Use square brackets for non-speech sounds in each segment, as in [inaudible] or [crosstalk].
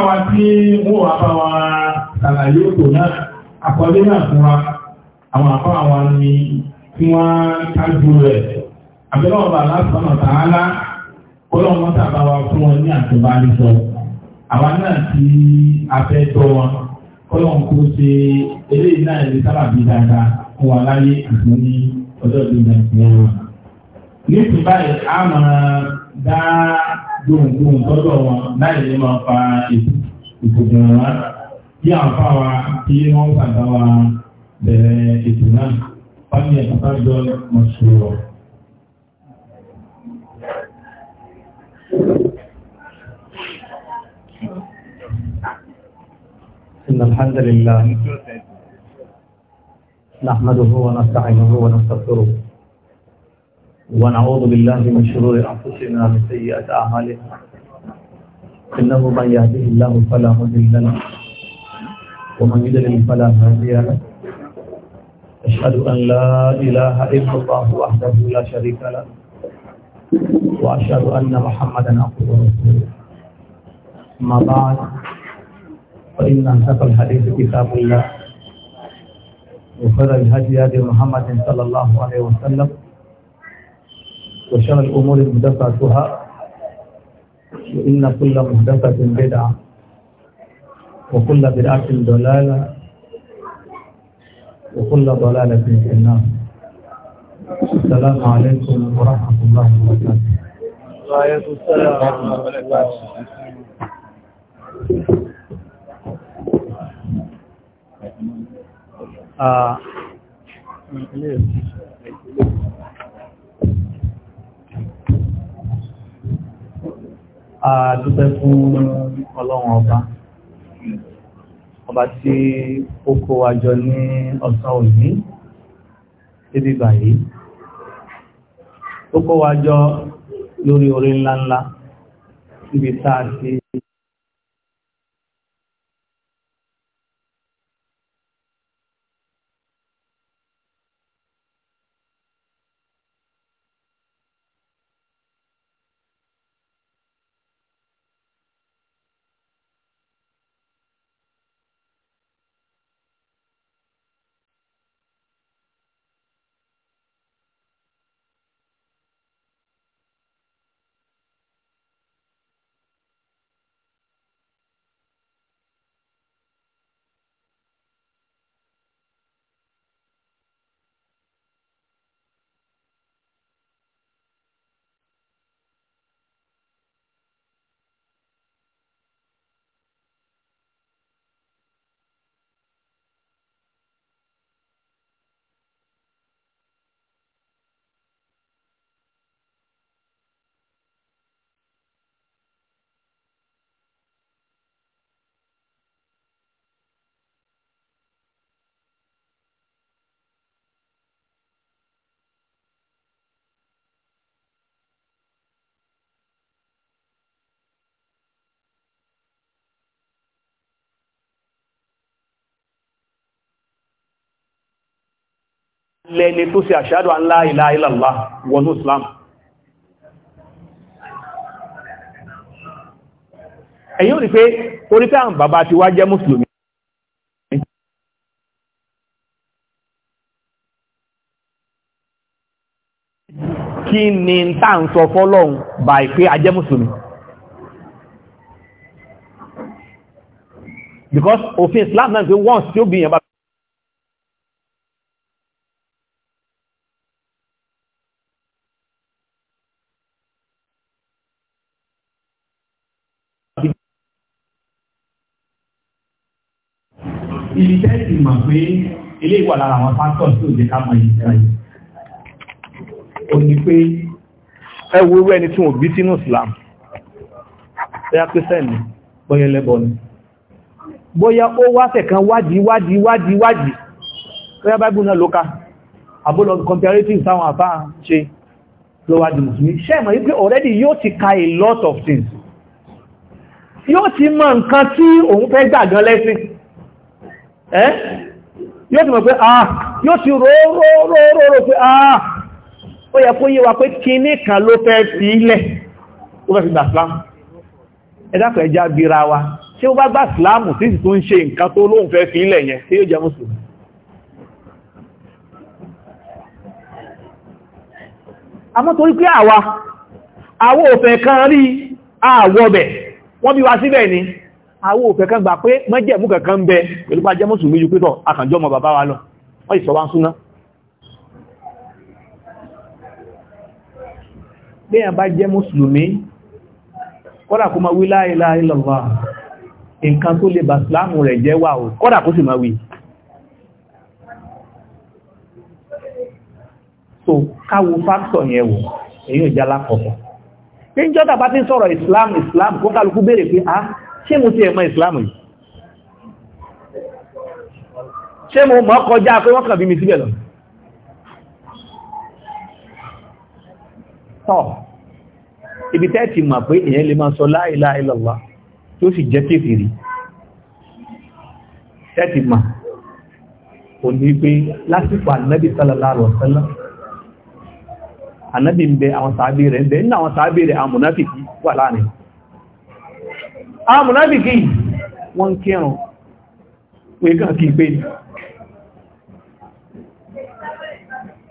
Àwọn tí wọ́n wà bá wa ṣàlàyé òtò náà, àkọlé náà fún wa, àwọn àpá àwọn ni tí wọ́n rẹ̀. Àbẹ́lẹ̀ ọba lásánà tààlá, ọlọ́run tàbá wa fún wọn ní àtìbánisọ. Àwọn náà tí a tọ́ wọn, ṣe náà dáadáa fún wa àti ní ọjọ́ wọn. gbóhùngbóhùn tọ́jọ́ wọn láì lè máa fa ìkòjò wọn bí àǹfà wa tí wọ́n padà wa bẹ̀rẹ̀ ètò náà fáwọn ẹ̀ka jọ mọ̀ṣúrọ̀. إن الحمد لله نحمده ونستعينه ونستغفره ونعوذ بالله من شرور أنفسنا ومن سيئات أعمالنا إنه من يهده الله فلا مضل له ومن يضلل فلا هادي له أشهد أن لا إله إلا الله وحده لا شريك له وأشهد أن محمدا عبده ورسوله أما بعد فإن أنتقى الحديث كتاب الله وخير الهدي هدي محمد صلى الله عليه وسلم وشر الأمور محدثاتها وإن كل محدثة بدعة وكل بدعة ضلالة وكل ضلالة في النار السلام عليكم ورحمة الله وبركاته وعليكم السلام ورحمة الله وبركاته آه. a dúpẹ́ fún ọlọ́run ọba ọba tí ó kó wa jọ ní ọ̀sán òní débi báyìí ó kó wa jọ lórí orí ńláńlá níbi tá a ti lẹ́ni tó ṣe àṣádọ́ an la ilaha illallah wọnú islam ẹ̀yin ò rí pé orí pé àwọn bàbá ti wá jẹ́ mùsùlùmí kí ni tá ń sọ fọ́lọ́hun bá ìpé ajẹ́ mùsùlùmí because òfin islam náà pé once tí ó bí ìyàn bá mọ̀ pé ilé ìwà lára àwọn pastors tó jẹ́ ká mọ̀ yìí síra yìí ó ní pé ẹ wo irú ẹni tí wọ́n bí sínú Islam bóyá Christian ni bóyá ẹlẹ́bọ ni bóyá ó wáṣẹ̀ kan wádìí wádìí wádìí wádìí bóyá Bible náà lóka àbúlọ̀ comparative sáwọn àbá ṣe lọ́wádìí mùsùlùmí ṣẹ́mọ̀ yí pé already yóò ti ka a lot of things yóò ti mọ̀ nǹkan tí òun fẹ́ gbàgán lẹ́sìn ẹ́ yóò ti mọ̀ pé ah yóò ti rọ́rọ́rọ́rọ́ pé ah ó yẹ kó yé wa pé kíní kan ló fẹ́ fi ilẹ̀ ó fẹ́ fi gbà Islam ẹ̀dàkọ̀ ẹja gbira wa tí ó bá Islam tó ń ṣe nǹkan tó lóun fẹ́ fi ilẹ̀ yẹn tí yóò àwọn òfẹ́ kan gbà pé mẹ́jẹ̀mú kankan ń bẹ pẹ̀lú bá jẹ́mọ́sù méjì pẹ́tọ̀ àkànjọ́ ọmọ bàbá wa lọ wọ́n ìsọ̀wá ń súná bẹ́yàn bá jẹ́ mùsùlùmí kọ́dà kó ma wí la ilaha illallah nǹkan tó lè bà ìsìláàmù rẹ̀ jẹ́ wà ó kọ́dà kó sì ma wí so káwo fáktọ̀ yẹn wò èyí ò jálá kọ̀kọ̀ tí ń jọ́ta bá ti sọ̀rọ̀ ìsìláàmù ṣé mo ti ẹ̀mọ́ ìsìláàmù yìí ṣé mo mọ́ kọjá pé wọ́n kàn bí mi síbẹ̀ lọ tọ́ ibi tẹ́ ti mọ̀ pé èyàn lè máa sọ la ilaha illallah tí ó sì jẹ́ kéfìrí tẹ́ ti mọ̀ kò ní pé lásìkò ànábì sallallahu alaihi wasallam ànábì ń bẹ àwọn sàábì rẹ̀ ń bẹ nínú àwọn sàábì rẹ̀ àwọn wà láàrin àwọn mùnábìkì wọ́n kírùn pé kàn kí pé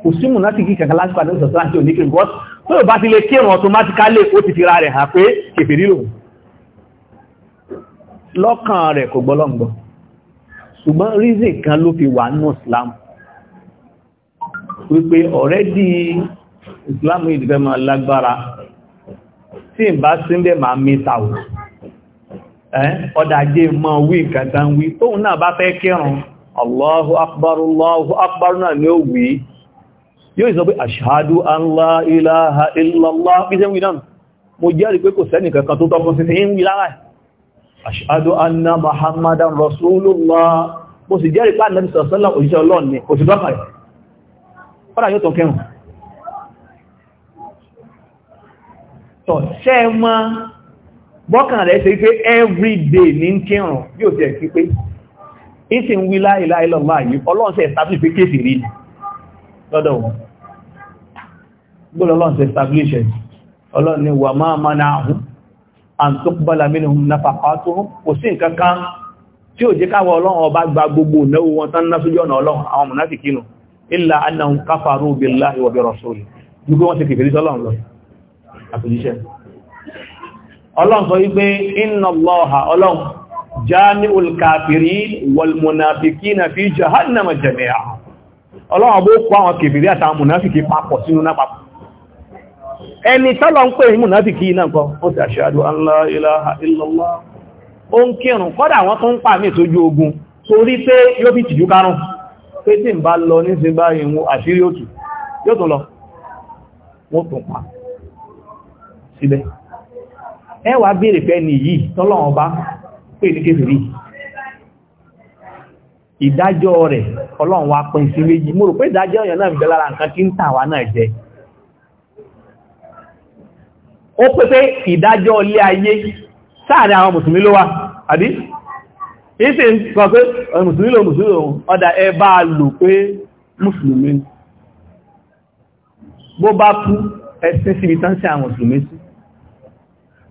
kò sí mùnábìkì kankan láti pàdé ìsọ̀tọ́ àti oníkìrì bọ́t tó bá ti lè kírùn automatically ó ti fira rẹ̀ hàn pé kèfèrí lòun lọ́kàn rẹ̀ kò gbọ́lọ́mgbọ́ ṣùgbọ́n fi wà nínú Islam wípé already Islam ìdìbẹ̀mọ̀ lágbára tí ìbá síndẹ̀ máa mẹ́ta wù Eh, ọdàjé mọ́ wí nǹkan tán wí tóun náà bá fẹ́ kírun Allahu akbar Allahu akbar náà ni ó wí yóò sọ pé ashhadu an illallah píṣẹ́ wí náà mo jẹ́rìí pé kò sẹ́nì kankan tó tọ́kún sí ń wí lára ashhadu anna bọ́kàn rẹ̀ ṣe pé everyday ní kírùn bí ò tẹ̀ sí pé ìsì ń wí láìlá yìí ọlọ́ọ̀sẹ̀ establish pé kéèsì rí lọ́dọ̀ wọn gbọ́dọ̀ ọlọ́ọ̀sẹ̀ establish ọlọ́ọ̀ ni wà máa máa náà hùn àn tó bọ́lá mínú náfàkà tó hùn kò sí nǹkan kan tí ò jẹ́ káwọ ọlọ́run ọba gba gbogbo ìnáwó wọn tán ná sójú ọ̀nà ọlọ́run àwọn mùnáfikínù ọlọ́run sọ wípé inna Allaha ọlọ́run jami'ul kafirin wal munafikina fi jahannama jami'a ọlọ́run bó kó àwọn kèfèrí àtàwọn munafiki papọ̀ sínú náà papọ̀ ẹni tọ́lọ ń pè ní munafiki náà kọ́ ó ti ashhadu an la ilaha illallah ó ń kírùn kọ́dà wọ́n E wá béèrè ni yi yìí tọ́lọ́wọ́n bá pè ní kéfìrí ìdájọ́ rẹ̀ ọlọ́run wa pín sí méjì rò pé ìdájọ́ náà lára nǹkan tí ń náà ó ayé àwọn mùsùlùmí ló wà àbí Isi sọ pé mùsùlùmí mùsùlùmí ẹ bá lò pé mùsùlùmí bó bá kú síbi tán sí mùsùlùmí sí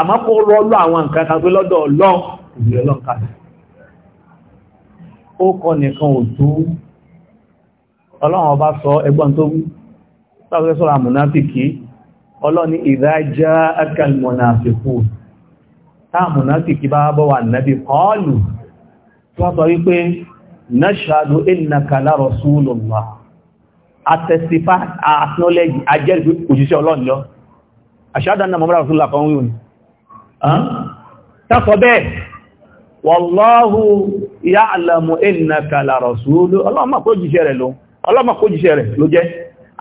àmọ́ kó rọ́lọ́ àwọn nǹkan kan pé lọ́dọ̀ ọlọ́run ìgbè ọlọ́run kalẹ̀ ó kọ nìkan ò tó ọlọ́run ọba sọ ẹgbọ́n tó wí sáfẹ́ sọ́ra mùnáfìkì ọlọ́run ní ìdájá akẹ́lmọ̀nàfìkù táà mùnáfìkì bá bọ́ wà nàbí kọ́ọ̀lù tí wọ́n sọ acknowledge ajẹ́rìí òjíṣẹ́ ọlọ́run lọ àṣádà náà mọ́mọ́lá rasulullah kan tásọ bẹ́ẹ̀ wallahu ya'lamu innaka la rasulu ọlọ́mà kó jíṣẹ́ rẹ̀ ló jẹ́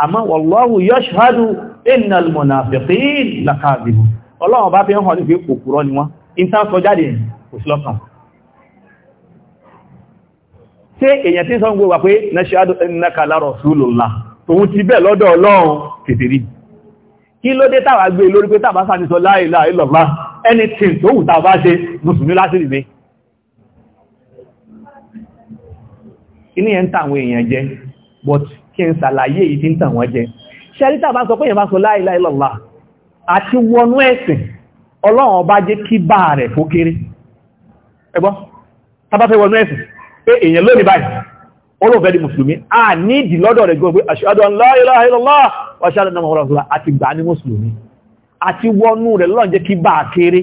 àmọ́ wallahu yashhadu innal munafiqin lakazibun ọlọ́run bá fi ń hàn ní pé òkúrọ́ ni wọ́n ìntán sọ jáde kò sí lọ́kàn tí èyàn tí ń sọ ń gbogbo pé nashhadu innaka la rasulullah tòun ti bẹ̀ lọ́dọ̀ ọlọ́run kèfèrí kí ló dé táwà gbé lórí pé tàbá sáà la ilaha illallah anything tó wùta bá ṣe mùsùlùmí láti rí bẹ́ inú yẹn ń tàwọn èèyàn jẹ but kí n sàlàyé èyí tí ń tàwọn jẹ ṣẹ́rítà bá sọ pé èèyàn bá sọ la ilaha illallah àti wọnú ẹ̀sìn ọlọ́run ọba jẹ́ kí bá rẹ̀ fó kéré ẹgbọ́ tàbáfẹ́ wọnú ẹ̀sìn pé èèyàn lónìí báyìí olóòfẹ́ di mùsùlùmí a ní ìdí lọ́dọ̀ rẹ̀ gbogbo ashhadu an la ilaha illallah wa ashhadu anna muhammadan rasulullah àti gbà àti wọnú rẹ̀ lọ́n jẹ́ kí bá kéré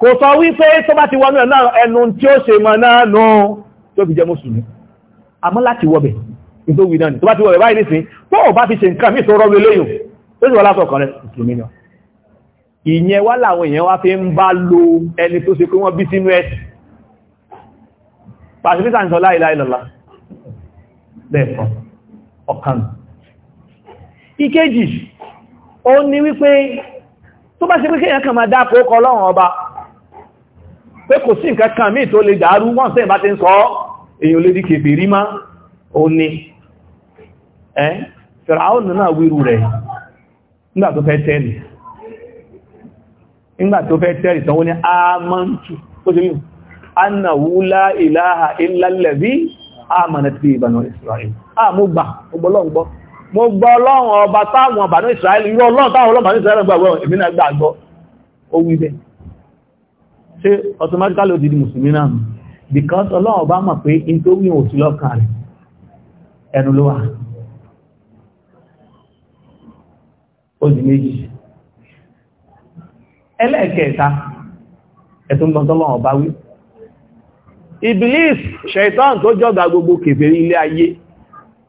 kò sọ wípé tó bá ti wọnú ẹ̀nà ẹnu tí ó ṣe mọ̀ náà nù tí ó fi jẹ mùsùlùmí àmọ́ láti wọ́bẹ̀ ìdówì náà tó bá ti wọ́bẹ̀ báyìí nìsín tó ò bá fi ṣe nǹkan mìí tó rọ́ lélẹ́yìn tó sì wọ́n látọ̀kan rẹ̀ mùsùlùmí náà ìyẹn wá làwọn wípé tó bá ṣe pé kéèyàn kàn máa dákò ọkọ̀ ọlọ́run ọba pé kò sí nǹkan kan míì tó lè dàrú wọ́n sẹ́yìn bá ti ń sọ èyàn lè díkè bèrí má ó ní ẹ́ fẹ̀ràún náà wíru rẹ̀ nígbà tó fẹ́ tẹ́rì nígbà tó fẹ́ ní ti mú mo gbọ́ ọlọ́run ọba táwọn ọba ní Israẹli irọ́ ọlọ́run táwọn ọlọ́run ní Israẹli gbàgbọ́ èmi náà gbàgbọ́ ó wí bẹ́ẹ̀ ṣe automatically ó di di mùsùlùmí náà because ọlọ́run ọba mọ̀ pé in tó wí òsì lọ́kàn rẹ̀ ẹnu ló wà ó di méjì ẹlẹ́ẹ̀kẹta ẹ̀tún gbọ́ntọ́lọ́run ọba wí Iblis ṣẹ̀tán tó jọ́gà gbogbo kèfèrí ilé ayé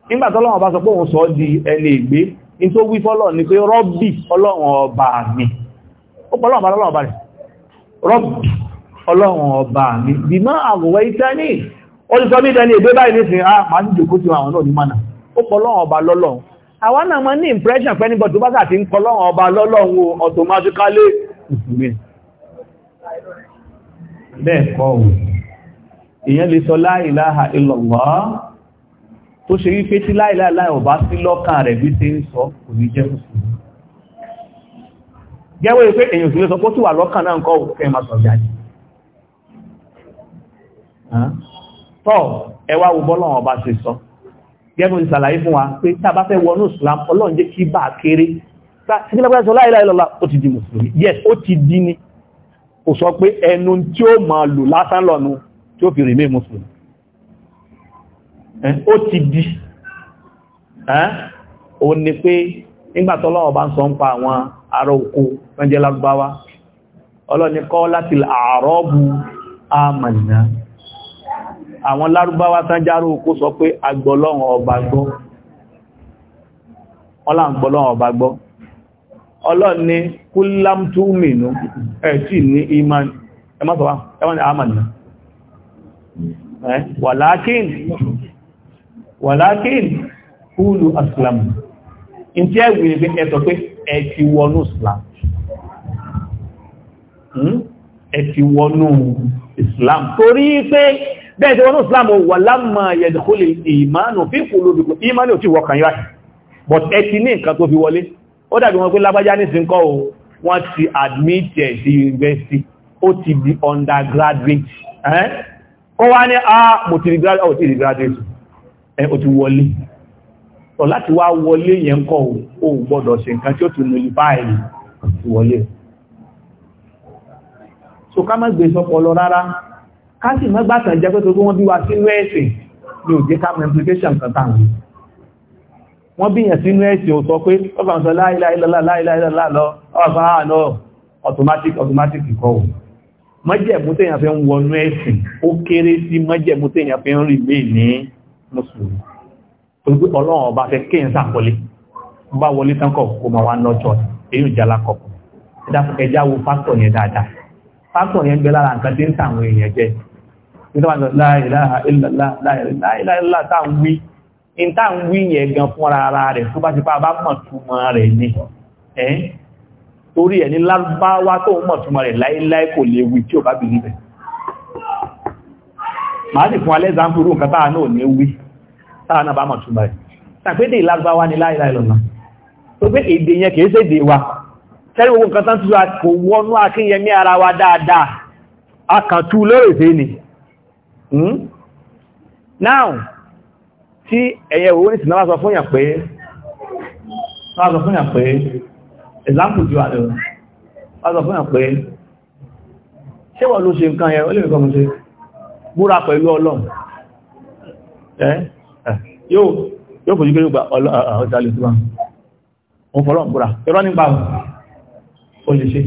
nígbà tọ́lọ́wọ̀n bá sọ pé òun sọ di ẹni ìgbé ní tó wí fọ́lọ̀ ni pé rọ́bì ọlọ́run ọba mi ó pọ̀lọ́wọ̀n bá lọ́wọ́n ọba rẹ̀ rọ́bì ọlọ́run ọba mi bí máa àwọ̀wẹ́ ìtẹ́ni ó ti sọ mí dẹni ìgbé báyìí nísìn a ah, máa ń jòkó ti àwọn náà ní impression pé nígbà tó bá sàtí ń pọ̀lọ́wọ̀n ọba automatically mùsùlùmí bẹ́ẹ̀ kọ́ ìyẹn lè illallah tó ṣe wípé tí láìláìláì ọ̀bá sí lọ́kàn rẹ̀ bí ti ń sọ kò ní jẹ́ mùsùlùmí jẹ́wọ́ ìpé èyàn òsìlé sọ pọ́ tí wà lọ́kàn náà kọ́ òkè ma sọ̀rọ̀ jáde tọ́ ẹwà wo bọ́lọ́wọ́n ọba ṣe sọ gẹ́gbọ́n ti sàlàyé fún wa pé tá bá fẹ́ wọnú Islam Ọlọ́run jẹ́ kí bá kéré sígbẹ́lẹ́gbẹ́ sọ la ilaha illallah ó ti di mùsùlùmí yes ó ti di ni kò sọ pé ẹnu tí ó máa lò lásán lọ́nu tí ó fi rèmé mùsùlùmí ó ti di O ní pé nígbàtọ́lọ́wọ́ bá ń sọ ń pa àwọn ará oko pẹ́jẹ́ lágbáwá ọlọ́ni kọ́ láti àárọ́bù àmànà àwọn lárúbáwá tánjáró oko sọ pé agbọ́lọ́wọ́ ọba gbọ́ ọlá ń gbọ́lọ́wọ́ ọba gbọ́ ọlọ́ni kúlámtúmìnú ẹ̀tì ní iman ẹmọ́sọ̀wá ẹmọ́ni àmànà wàlákìn kúlù aslam in tí ẹ̀wì ní ẹ̀tọ̀ pé ẹ ti wọnú islam hmm? ẹ ti wọnú islam torí pé bẹ́ẹ̀ tí wọnú islam wà lámà yẹ̀dùkúlì ìmánu fi kúlù bìkú ìmánu ò ti wọ̀kàn yáà but ẹ ti ní nǹkan tó fi wọlé ó dàbí wọn pé lábájá ní sí ńkọ́ wọ́n ti admit ẹ̀ sí university ó ti di undergraduate ó wá ní ah mo ti di graduate ó ti wọlé ọ̀ láti wá wọlé yẹn kọ́ ò gbọ́dọ̀ ṣe nǹkan tí ó ti nullify ti wọlé so ká má gbé sọpọlọ rárá ká sì má gbàtàn jẹ́ pé tó wọ́n bí wa sínú ẹ̀sìn ní òjé ká mọ implication kan táwọn wọ́n bí yẹn sínú ẹ̀sìn ò sọ pé ọkàn la la ilaha illallah ah, automatic automatic kọ́ ò mọ́jẹ̀mú téèyàn fi ń wọnú ẹ̀sìn ó kéré sí mùsùlùmí torí ọlọ́run ọba fẹ́ kí n sàkọlé bá wọlé tánkọ̀ kó ma wá nọ́jọ́ èyí jala kọ̀ ẹjá wo pásítọ̀ yẹn dáadáa pásítọ̀ yẹn gbé lára nǹkan tí ń tàwọn èèyàn jẹ láìláìláìlá táwọn wí in táwọn wí yẹn gan fúnra ara rẹ̀ tó bá ti pa bá mọ̀ túmọ̀ rẹ̀ ni torí ẹ̀ ní lárúbáwá tó mọ̀ túmọ̀ rẹ̀ láìláì kò lè wí tí ò bá bìí bẹ̀ máa sì fún alẹ́ ìzámpúrú nǹkan táà náà ní wí táà náà bá mọ̀ túnbà ẹ̀ tàbídé ìlágbáwá ni láìláì lọ́nà tó pé èdè yẹn kìí ṣe èdè wa tẹ́rì gbogbo nǹkan tán túnbà kò wọnú akínyẹmí ara wa dáadáa a kàn tú lóòrèfé ni hmm? now tí ẹ̀yẹ owó ní sinimá sọ fúnyà pé sọ fúnyà pé example ló ṣe nǹkan yẹn ó mú ṣe búra pẹ̀lú ọlọ́run yóò fojú kéré gba ọ̀tàlẹ̀ tó bá ń fọ́lọ́n búra ẹ̀rọ nípa o lè ṣe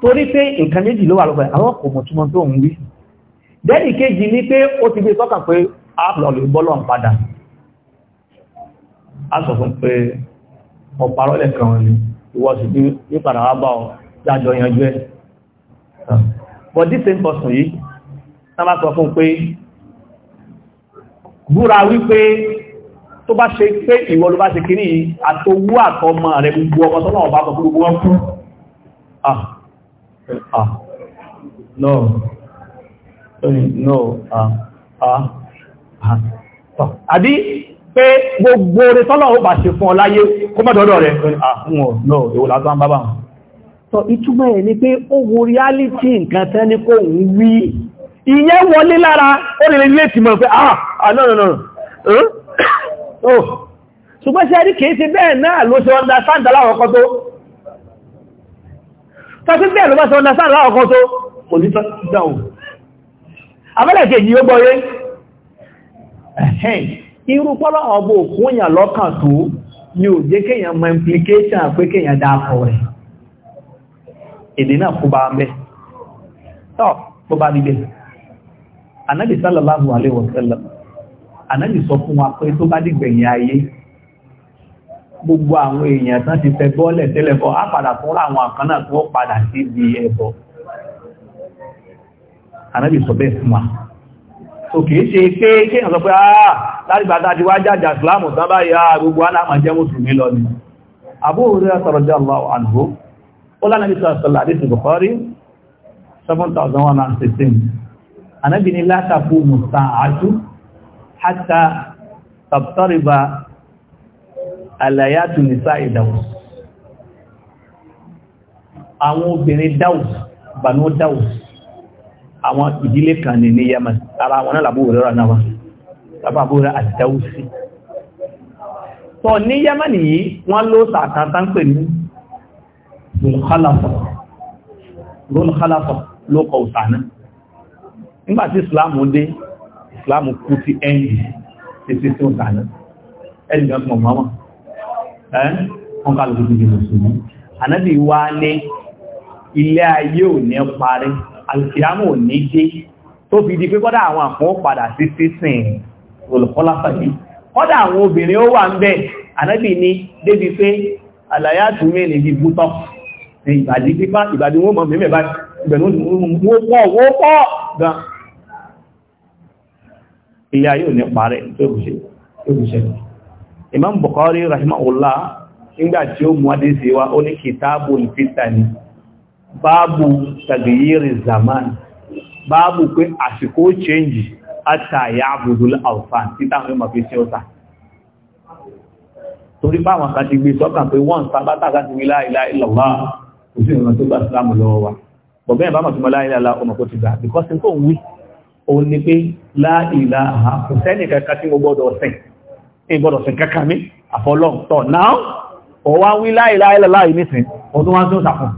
torí pé nǹkan méjì ló wà lọ́pẹ́ àwọn kò mọ̀ túnmọ̀ tó ń wí dẹ́nì kejì ní pé ó ti gbé sọ́kàn pé áàpùlọ̀lẹ̀ bọ́lọ̀ padà a sọ fún pé ọ̀pàrọ̀lẹ̀ kan ní ìwọ́sùn ní padà wá bá ọ jájọ yanjú ẹ̀ but this same person yìí náà bá sọ fún pé búra wípé tó bá ṣe pé ìwọ ló bá ṣe kìíní àtowó àtọmọ rẹ gbogbo ọmọ tọ́lọ̀ ọba gbogbo wọn kú ah ah no no ah ah ah àbí pé gbogbo rẹ tọ́lọ̀ ọba ṣe fún ọ láyé kó mọ́dọ̀ọ́dọ̀ rẹ̀ ah no ìwòlá tó ń bábá sọ ìtumọ̀ ẹ̀ ni pé ó reality nǹkan tẹ́ ní kò ń wí ìyẹn wọlé lára ó ah, ah no [coughs] oh. ṣùgbọ́n ṣe rí kìí ṣe bẹ́ẹ̀ náà ló ṣe understand aláwọ̀kọ́ tó tọ́tí bẹ́ẹ̀ ló bá ṣe understand aláwọ̀kọ́ tó kò ní Ede naa kó bá ń bẹ́ tọ́ tó bá níbẹ̀ anábì sallallahu anábì sọ fún wa pé tó bá dìgbẹ̀yìn ayé gbogbo àwọn èèyàn tán ti fẹ́ bọ́ọ̀lẹ̀ tẹ́lẹ̀ bọ́ á padà fún àwọn àkànnà tó padà sí ibi ẹ̀bọ̀ anábì sọ bẹ́ẹ̀ fún wa so kìí ṣe pé kí èèyàn pé ah, ti wá jàjà tán báyìí ah, gbogbo anáàmà jẹ́ mùsùlùmí lọ ni ọlọ́nà bí sọ́sọ́lá àdísì Bukhari 7116 anábì ni látàkù mùsàájú hátà tàbtọ́rìbà àlàyàtù nìsá ìdáwùs àwọn obìnrin dáwùs bànú dáwùs àwọn ìdílé kan ní ní Yemen ara àwọn náà làbúrò rẹ̀ náà lábàbúrò àdáwùsí tọ́ ní Yemen yìí wọ́n ló sàkántán pè ní lóòlùkálàfọ̀ lóòkọ̀ òsànà nígbàtí islam dé islam kú sí ẹ̀yìn títí sí òsànà ẹni gan mọ̀ mọ́mọ́ ẹ́ wọ́n ká lókè jẹ́ mùsùlùmí ànábì wá ní ilé ayé ò ní parí alìsíámù ò ní dé tó fi di pé kọ́dá àwọn àpọ́n padà sí sísìn olùkọ́láfọ̀ yìí kọ́dá àwọn obìnrin ó wà ń bẹ̀ ànábì ní débi pé àlàyé àtúnmí ní bí bútọ́pù ìbàdí pípá ìbàdí wọ́n mọ̀ mẹ́mẹ́ báyìí ìbẹ̀rún wó pọ̀ wó pọ̀ gan ìyá yóò ní parẹ́ tó ṣe Imam Bukhari rahimahullah nígbà tí ó mú adéṣe wa ó ní kìtàbù ìfìtà ni báàbù tàbíyírí zaman báàbù pé àsìkò change àtàyà àbùdúlá alfan títà àwọn ọmọ fi ṣe ọ̀tà torí báwọn kan ti gbé sọ́kàn pé wọ́n sábátà wílá ìlà kò sí ìrìnà tó gba ìsìlámù lọ́wọ́ wa bọ̀bẹ́ ìbámu tó mọ láìláà ọmọ kò ti gbà bíkọ́sí tó ń kò sẹ́nì mi àfọlọ́ntọ̀ náà ọ̀ wá wí láìláà ìnísìn ọdún wá tó sàkùn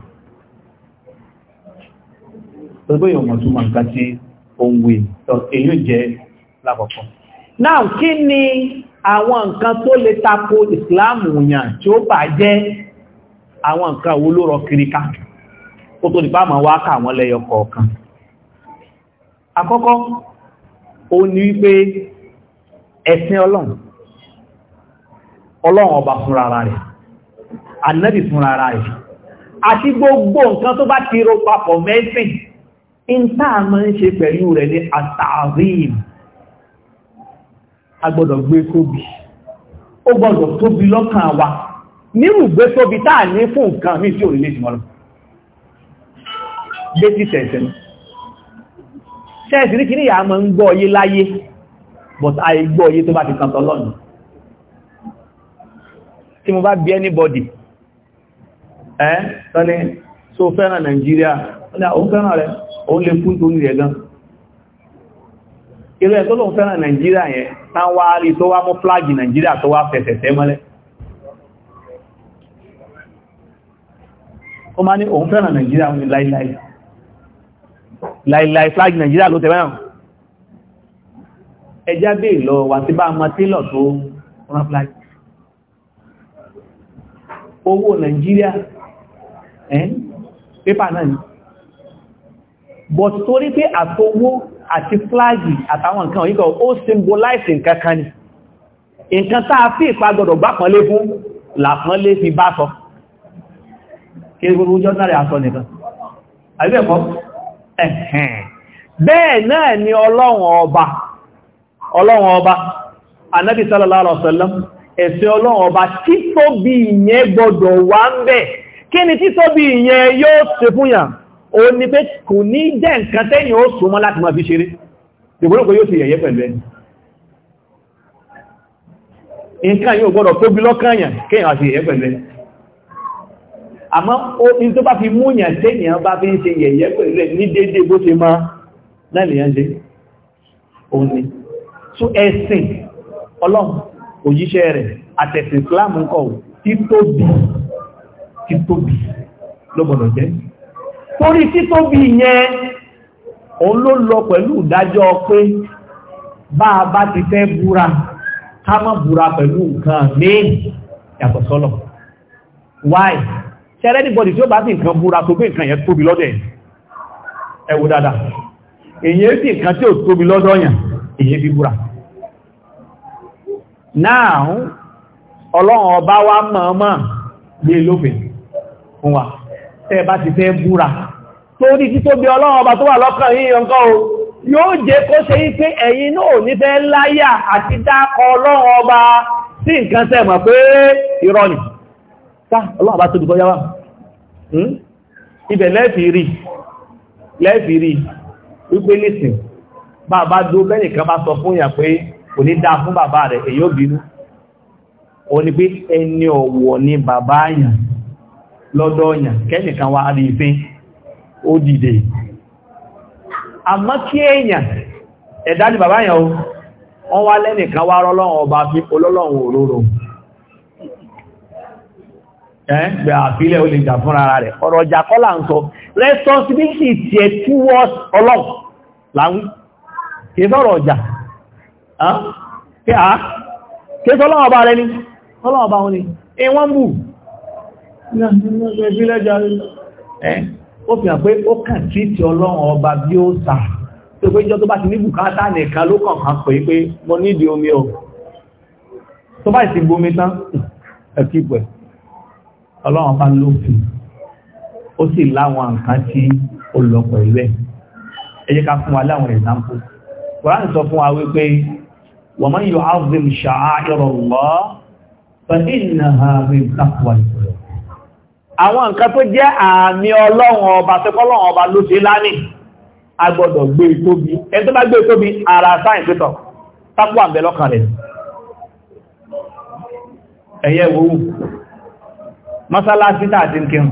gbogbo èèyàn mọ̀ tó máa nǹkan tí ó ń wé èyàn jẹ́ lápapọ̀. náà kí ni àwọn nǹkan tó lè tako ìsìláàmù yàn tí ó bà jẹ́ àwọn nǹkan wo ló rọ kiriká ó tó nípa àmà wákà àwọn lẹ́yọ kọ̀ọ̀kan àkọ́kọ́ ó ní wípé ẹ̀sìn ọlọ́run ọlọ́run ọba fúnra ara rẹ̀ ànábì fúnra ara rẹ̀ àti gbogbo nǹkan tó bá ti ro papọ̀ mẹ́sìn ìntààmà ń ṣe pẹ̀lú rẹ̀ ní àtàríìm a gbé tóbi ó gbọ́dọ̀ tóbi lọ́kàn wa nírùgbé tóbi táà ní fún nǹkan mí tí ò nílé ìmọ̀lọ́ létí tẹ̀ẹ̀sẹ̀ ní ṣẹ́ẹ̀sì ní kí ní ìyà mọ́ ń gbọ́ ọyé láyé but a gbọ́ ọyé tó bá ti kàntọ́ lọ́nà tí mo bá bí anybody ẹ́ tọ́ni so fẹ́ràn Nàìjíríà òun fẹ́ràn rẹ̀ òun lè kú tó nílẹ̀ gan irú ẹ̀ tó lóun fẹ́ràn Nàìjíríà yẹn táwọn wá rí tó wá mú flag Nàìjíríà tó wá fẹ̀sẹ̀ tẹ́ ó máa ní òun fẹ́ràn nàìjíríà ní láìláì láìláì flag nàìjíríà ló tẹ̀wẹ́ àwọn ẹjá bè lọ wà tí bá mọ́ tí lọ tó rán flag owó nàìjíríà ẹ́n pépà náà ni but torí pé àtowó àti flag àtàwọn nǹkan yíkọ̀ ó symbolize nǹkan kan ni nǹkan táa fi ìpagbọ̀dọ̀ gbápọ̀lé fún làpọ̀lé fi bá sọ so kí gbogbo jọ́nàrí aṣọ nìkan àbẹ́ẹ̀kọ́ ẹ̀hẹ̀n bẹ́ẹ̀ náà ni ọlọ́run ọba ọlọ́run ọba anábì sallallahu alaihi wasallam ẹ̀sìn ọlọ́run ọba títóbi ìyẹn gbọdọ̀ wà ń bẹ̀ kí ni títóbi ìyẹn yóò ṣe fún yàn ó ní pé kò ní jẹ́ nǹkan tẹ́yìn ó súnmọ́ láti máa fi ṣeré ìgbónúkọ yóò ti yẹ̀yẹ́ pẹ̀lú àmọ́ o ní tó bá fi múyàn tẹ́yàn bá fi ń ṣe yẹ̀yẹ́ pẹ̀lú ẹ̀ ní dédé bó ṣe máa lẹ́lẹ̀yàn ṣe òun ni tó ẹ̀sìn ọlọ́run òjíṣẹ́ rẹ̀ àtẹ̀sìn Islam ń kọ̀ títóbi títóbi ló gbọ́dọ̀ jẹ́ torí títóbi yẹn òun ló lọ pẹ̀lú ìdájọ́ pé bá a bá ti fẹ́ búra ká má búra pẹ̀lú nǹkan míì yàtọ̀ sọ́lọ̀ why tẹ́rẹ́ níbọ̀dì tí ó bá sì nǹkan búra tó pé nǹkan yẹn tóbi lọ́dọ̀ ẹ wò dáadáa èyí sì nǹkan tí ó tóbi lọ́dọ̀ yàn èyí fi búra náà ọlọ́run ọba wa mọ̀ọ́mọ̀ gbé lófin fún wa tẹ́ bá ti fẹ́ búra torí tí tó bí ọlọ́run ọba tó wà lọ́kàn yín nǹkan o yóò jẹ́ kó ṣe yí pé ẹ̀yin náà ní fẹ́ láyà àti dákọ ọlọ́run ọba sí nǹkan tẹ́ mọ̀ pé irọ́ ni ọlọ́wọ́ bá tóbi kọjá wá hmm? ibẹ̀ lẹ́fì rí wípé nìsìn bàbá dó bẹ́nìkan bá sọ fún ìyà pé kò ní dáa fún bàbá rẹ̀ èyí ò bínú o ni pé ẹni ọ̀wọ̀ ni bàbá àyàn ọ̀yàn kẹ́nìkan wá rí ó dìde àmọ́ kí ẹ̀dá ni bàbá àyàn wá lẹ́nìkan wá rọ́lọ́run ọba fi olọ́lọ́run òróró ẹgbẹ̀ àfilẹ̀ o jà fún ara ọjà kọla ń sọ responsibility ti ẹ̀ towards ọlọ́run láwí kìí ọjà kìí sọ ọlọ́run ọba ni ọlọ́run ọba wọn ni ìwọ́n bù ó fi hàn pé ó kàn tí ti ọlọ́run ọba bí ó sà tó pé jọ tó bá ti ní bùkátà nìkan ló kàn kàn pé mo nídìí omi ọ̀ ọlọ́run bá lófin ó sì láwọn nǹkan tí ó lọ pẹ̀lú ẹ̀ ẹ jẹ́ ká fún wa láwọn example Quran sọ fún wa wípé wa man yu'azzim sha'a'irallah fa innaha min àwọn nǹkan tó jẹ́ àmì ọlọ́run ọba tó kọ́lọ́run ọba ló ṣe láni a gbé ìtóbi e ẹ tó bá gbé ìtóbi e ara sáyìn pẹ́tọ̀ tápọ̀ àbẹ̀lọ́kàn rẹ̀ ẹ̀yẹ́ wòó mọ́sálásí tààtí ń kírùn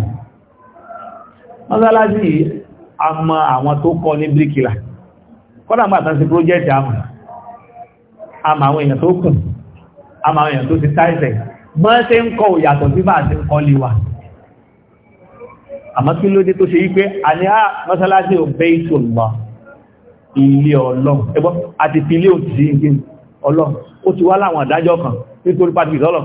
mọ́sálásí a mọ àwọn tó kọ́ ní bríkìlà kọ́nà gbà tán sí pírójẹ́tì àmà àmà àwọn èèyàn tó kù àmà àwọn èèyàn tó ti táìsẹ̀ bọ́n ṣe ń kọ́ òyàtọ̀ sí bá àti kọ́ lè wà àmọ́ kí ló dé tó ṣe wípé a ní o ah, mọ́sálásí ò bẹ́ ìtò lọ ilé ọlọ́ ẹgbọ́ àti ilé òtí ọlọ́ ó ti wá láwọn àdájọ́ kan nítorí pàtàkì sọ́lọ̀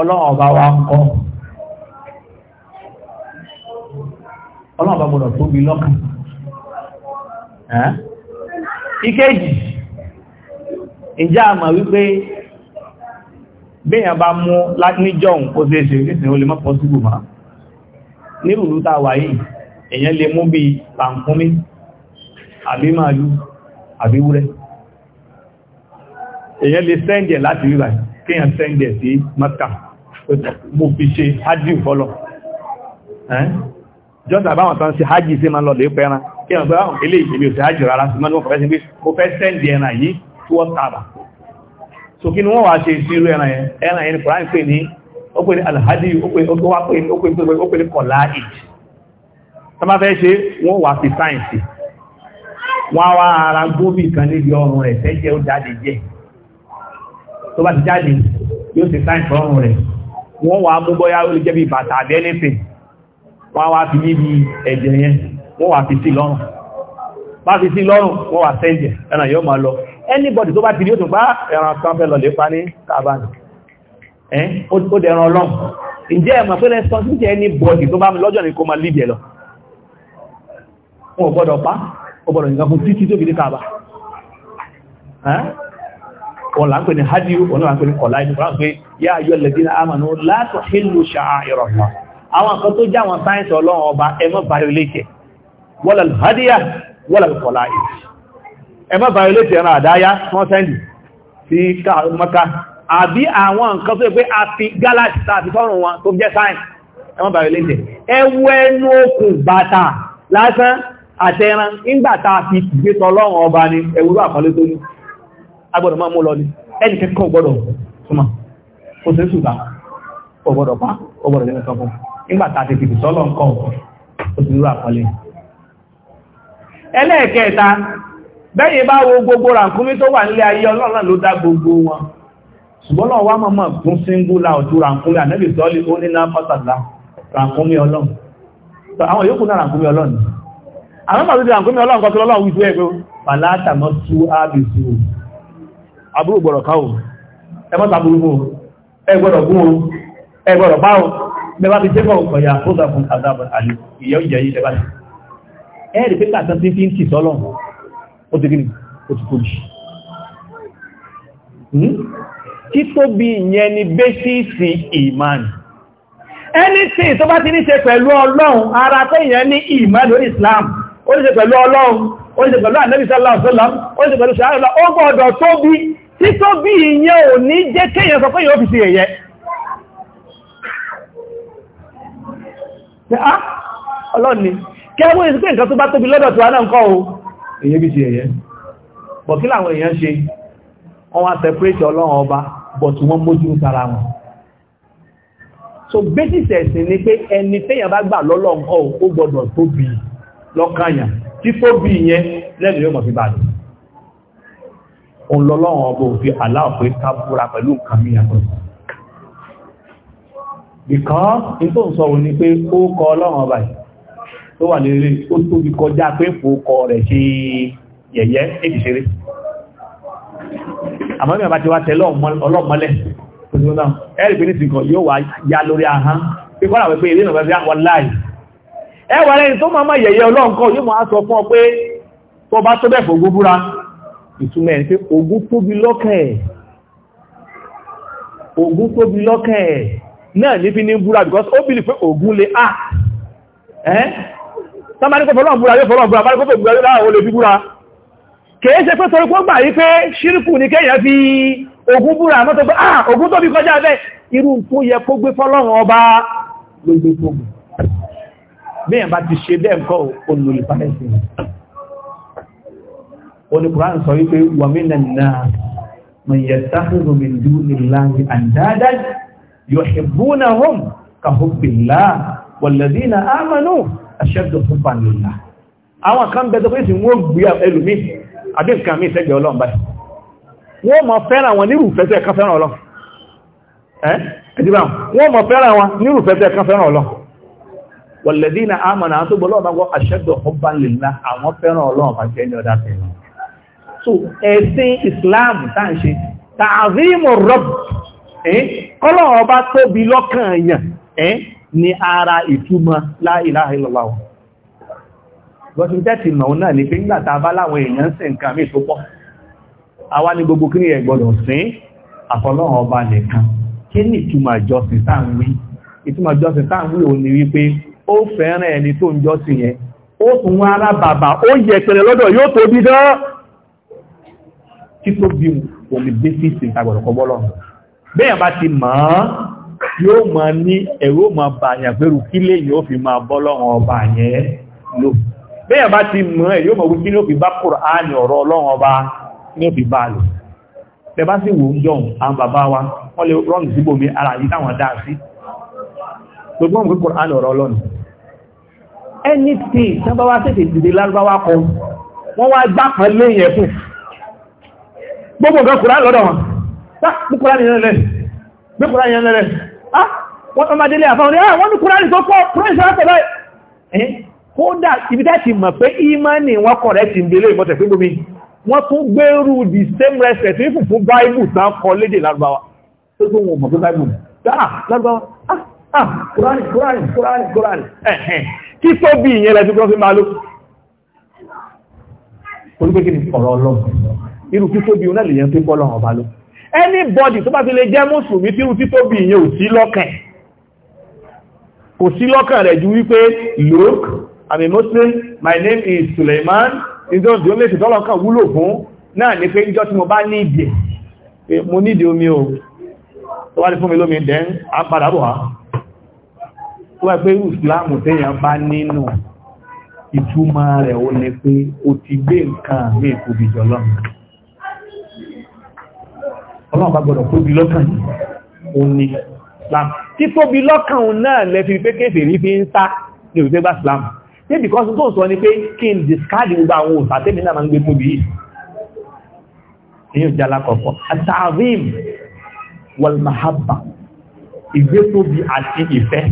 ọlọ́run ọba wa ń kọ́ ọlọ́run ọba gbọ́dọ̀ tóbi lọ́kàn ìkejì ìjẹ́ àmà wípé béèyàn bá mú níjọun ó ṣe ṣe nísìn ó lè mọ́ pọ́sígbò máa nírùlú tàà wà yìí èyàn lè mú bí pàǹkúnmí àbí màálù àbí wúrẹ́ èyàn lè sẹ́ndẹ̀ láti rí báyìí kéèyàn sí Mẹ́kà mo fi ṣe hajji fọ́lọ̀ jọ́sà báwọn tán sí hajji sí ma lọ lè pẹ́ran kí ẹ̀rọ pé àwọn ilé ìṣẹ́lẹ̀ òsì hajji rárá sí mọ́nà fọ́fẹ́ sí pé mo fẹ́ sẹ́ndì ẹran yìí tí wọ́n tààbà so kí ni wọ́n wá ṣe ìṣirò ẹran yẹn ẹran yẹn kùrán pè ní ó pè ní alhaji ó pè ní kọ̀lá ìjì tó bá fẹ́ ṣe wọ́n wá sí sáyẹ̀nsì wọ́n wá ara gómì kan níbi ọrùn rẹ̀ fẹ́ jẹ́ ó jáde jẹ́ tó bá ti jáde yóò sì sáyẹ̀nsì ọrùn rẹ̀ wọ́n wà mú bọ́yá ó lè jẹ́ bí bàtà àbẹ́lẹ́fẹ́ wọ́n wá fi níbi ẹ̀jẹ̀ yẹn wọ́n wà fi sí lọ́rùn bá fi sí lọ́rùn wọ́n wà sẹ́jẹ̀ ẹ̀nà yóò máa lọ anybody tó bá ti rí tún bá ẹran kan fẹ́ lọ pa ní kàbánì anybody tó bá mi wọn là ń pè ní hadiyu wọn là ń pè ní kọ̀lá ìlú wọn pé yá ayọ́ lẹ́dínà àmànú látọ̀ hìlú ṣàáìrọ̀ wọn àwọn kan tó já wọn sáyẹ́nsì ọlọ́run ọba ẹmọ́ violate wọ́lá hadiya wọ́lá kọ̀lá ìlú ẹmọ́ violate ẹran àdáyá wọ́n sẹ́ndì sí maka àbí àwọn nǹkan tó pé a fi galaxy tàbí fọ́rùn wọn tó jẹ́ sáyẹ́nsì ẹmọ́ violate ẹwú agbọ́dọ̀ máa mú lọ ní ẹni kẹ́kọ́ gbọ́dọ̀ súnmọ́ kò sí ṣùgbà ọgbọ́dọ̀ pa ọgbọ́dọ̀ lẹ́nu sọ́kọ́ nígbàtà ti fi sọ́lọ̀ nǹkan ó ti ẹlẹ́ẹ̀kẹta bẹ́yìn bá wo gbogbo ràǹkúmí tó wà nílé ayé ọlọ́run ló gbogbo wọn ṣùgbọ́n àbúrò gbọ́dọ̀ káwò ẹgbọ́ta burúkú ẹgbọ́dọ̀ gún o ẹgbọ́dọ̀ báwò bẹ́bá ti jẹ́gbọ́ ọ̀yà fóòsà fún àdábà àlè ìyẹ́ ìjẹ́ yìí ẹgbà ẹ̀rì pé kàtàn tí fi ń kì sọ́lọ̀ ó ti gíní ó ti kójì hmm? títóbi ìyẹn ni bẹ́sìsì ìmáàni anything tó bá ti ní ṣe pẹ̀lú ọlọ́run ara pé ìyẹn ní ìmáàni orí Islam ó ní ṣe pẹ̀lú ọlọ́run ó ní ṣe pẹ̀lú ànẹ́bìsálà ọ̀sọ́lá ó ní ṣe pẹ̀lú ṣàárẹ̀lá ó gbọ́dọ̀ tóbi títóbi ìyẹn ò ní jẹ́ kéèyàn sọ pé yóò fi ah, sí ẹ̀yẹ ọlọ́ni kẹwọ́n ìsìnkú nǹkan tó bá tóbi lọ́dọ̀ tó wánà ǹkọ́ o èyẹ bí ti ẹ̀yẹ bọ̀ kí láwọn èèyàn ṣe wọ́n wá separate ọlọ́run ọba bọ̀ tí wọ́n mójú sára wọn so basis ẹ̀sìn ni pé ẹni téèyàn bá gbà lọ́lọ́run kọ́ ó gbọ́dọ̀ tóbi lọ́kànyà títóbi ìyẹn lẹ́nu yóò mọ̀ fi bàdùn ọlọ́lọ́wọ́n ọba òfin aláàfẹ́ kábúra pẹ̀lú nǹkan mi yàtọ̀ because in tó ń sọ òní pé ó kọ ọlọ́run ọba yìí tó wà lérí ó tóbi kọjá pé fòókọ rẹ̀ ṣe yẹ̀yẹ́ èdè ṣeré àmọ́ mẹ́wàá ti wá tẹ ọlọ́mọlẹ̀ ẹ̀rì pé ní ti kàn yóò wá ya lórí ahán pé kọ́nà wẹ́ pé ilé ìrìnàmọ́ fẹ́ wọ́n láì ẹwà rẹ̀ tó máa máa yẹ̀yẹ́ ọlọ́nkọ́ yóò máa sọ fún ọ pé tó bá tó bẹ̀ fògbó ìtumọ̀ ẹ̀ pé ogún tóbi lọ́kàn ẹ̀ ogún tóbi lọ́kàn ẹ̀ náà níbi ní búra because ó bìlì pé ogún lè á ẹ́ sábàdí kò fọ́lọ́n búra yóò fọ́lọ́n búra bárí kò fẹ́ búra yóò láwọn olè fi búra kìí ṣe pé torí kó gbà yí pé ṣírìkù ní kéèyàn fi ogún búra mọ́tò pé ah ogún tóbi kọjá bẹ́ẹ̀ irú tó yẹ kó gbé fọ́lọ́run ọba ló gbé fóògùn bẹ́ẹ̀ bá ti ṣe bẹ́ẹ̀ nǹkan olùlùpàlẹ́sìn oníkùránì sọ wípé wàmínà náà mọ̀ yẹ sáfẹ́rù mi dú ìlànà àdáadá yóò ṣẹ̀bú na hùn kàhùbìlá wọ̀lẹ̀dí na ámànú aṣẹ́dù fún fanilá àwọn kan bẹ̀rẹ̀ pé sì wọ́n gbé ẹlùmí àbí nǹkan mi sẹ́gbẹ̀ ọlọ́run báyìí wọ́n mọ̀ fẹ́ràn wọn nírùfẹ́sẹ̀ kan fẹ́ràn ọlọ́run ẹ́ ẹ̀dìbà kan fẹ́ràn ọlọ́run wọ̀lẹ̀dí na ámànú àwọn tó gbọ́ ọlọ́run bá wọ́n aṣẹ́dù fún fanilá àwọn fẹ́ràn ọlọ́run jẹ́ ní ọdá tẹ̀lé so ẹ̀sìn islam táà ń ṣe eh rọ́b kọ́lọ̀ ọba tóbi lọ́kàn èèyàn ni ara ìtumọ̀ la ilaha illallah gọ́sùn tẹ́tì mọ̀ náà ní pé nígbàtà bá láwọn èèyàn sí nǹkan mí tó pọ̀ àwa ní gbogbo kí ní ẹ gbọ́dọ̀ sí àfọlọ́hàn ọba nìkan kí ní ìtumọ̀ ìjọsìn táàwí ni wípé ó fẹ́ràn ẹni tó ń jọ́sìn yẹn ó tún wọn títóbi òní bẹ́sìsì àgbọ̀dọ̀ kọ́ bọ́lọ̀ bẹ́yàn bá ti mọ̀ ọ́n yóò mọ̀ ní ẹ̀rọ mọ̀ bàyàn pẹ̀lú kí lè yóò fi máa bọ́lọ́run ọba yẹn lò bẹ́yàn bá ti mọ̀ ẹ̀ yóò mọ̀ wípé ní ó fi bá Kùránì ọ̀rọ̀ ọlọ́run ọba ní wa wọ́n lè rọ́ọ̀nù síbò mi ara yìí táwọn dá sí gbogbo ọmọ Kùránì ọ̀rọ̀ ọlọ́run anything tí wọ́n bá wá tètè dìde lárúbáwá kan wọ́n wá gbá kan léyìn ẹ̀kùn gbogbo nǹkan kùrá lọ́dọ̀ wọn gbogbo ah, yẹn lẹ́rẹ̀ ah, wọ́n tó máa délé àfáwọn ní àwọn ah, ní kùrá ní tó kọ́ kùrá ní sọ́rọ̀ pẹ̀lẹ́ ẹ̀ kódà ibi dáti mọ̀ pé ìmánì wọn kọ̀ rẹ̀ ti ń belé ìmọ̀tẹ̀ pé gómi wọ́n tún gbérù the same respect ní fùfú báìbù tán kọ lédè lárúbáwá tó tó wọn mọ̀ pé báìbù lárúbáwá ah kùránì kùránì kùránì kùránì ẹ̀hẹ̀ kí tó bí ìyẹn lẹ́jú kọ́ fi máa ló irú títóbi náà lèyàn tó kọ́ lọ́wọ́ ọba lọ anybody tó bá ti lè jẹ́ mùsùlùmí tí irú títóbi yẹn ò sí lọ́kàn kò sí lọ́kàn rẹ̀ ju wípé look i'm a muslim my name is suleiman ìjọ ìdí omi ètò tọ́lọ́kàn wúlò fún náà ni pé ìjọ tí mo bá ní ìdí mo ní ìdí omi o tó wá ní fún mi lómi dẹ́n á padà bọ̀ wá tó wá pé irú ìsìláàmù bá nínú ìtumọ̀ rẹ̀ ó ní pé ó ti gbé nǹkan mí ìkòbìjọ́ lọ́nà ọlọ́run bá gbọ́dọ̀ tóbi lọ́kàn òun ni islam tí tóbi lọ́kàn òun náà lẹ fi pé kéfèrí fi ń sá ní òfin gbà islam ní bìkọ́sí tó sọ ni pé kí n discard gbogbo àwọn òsà tẹ́mi náà máa ń gbé tóbi yìí èyí ò jẹ́ alákọ̀ọ́kọ́ atahim walmahabba ìgbé tóbi àti ìfẹ́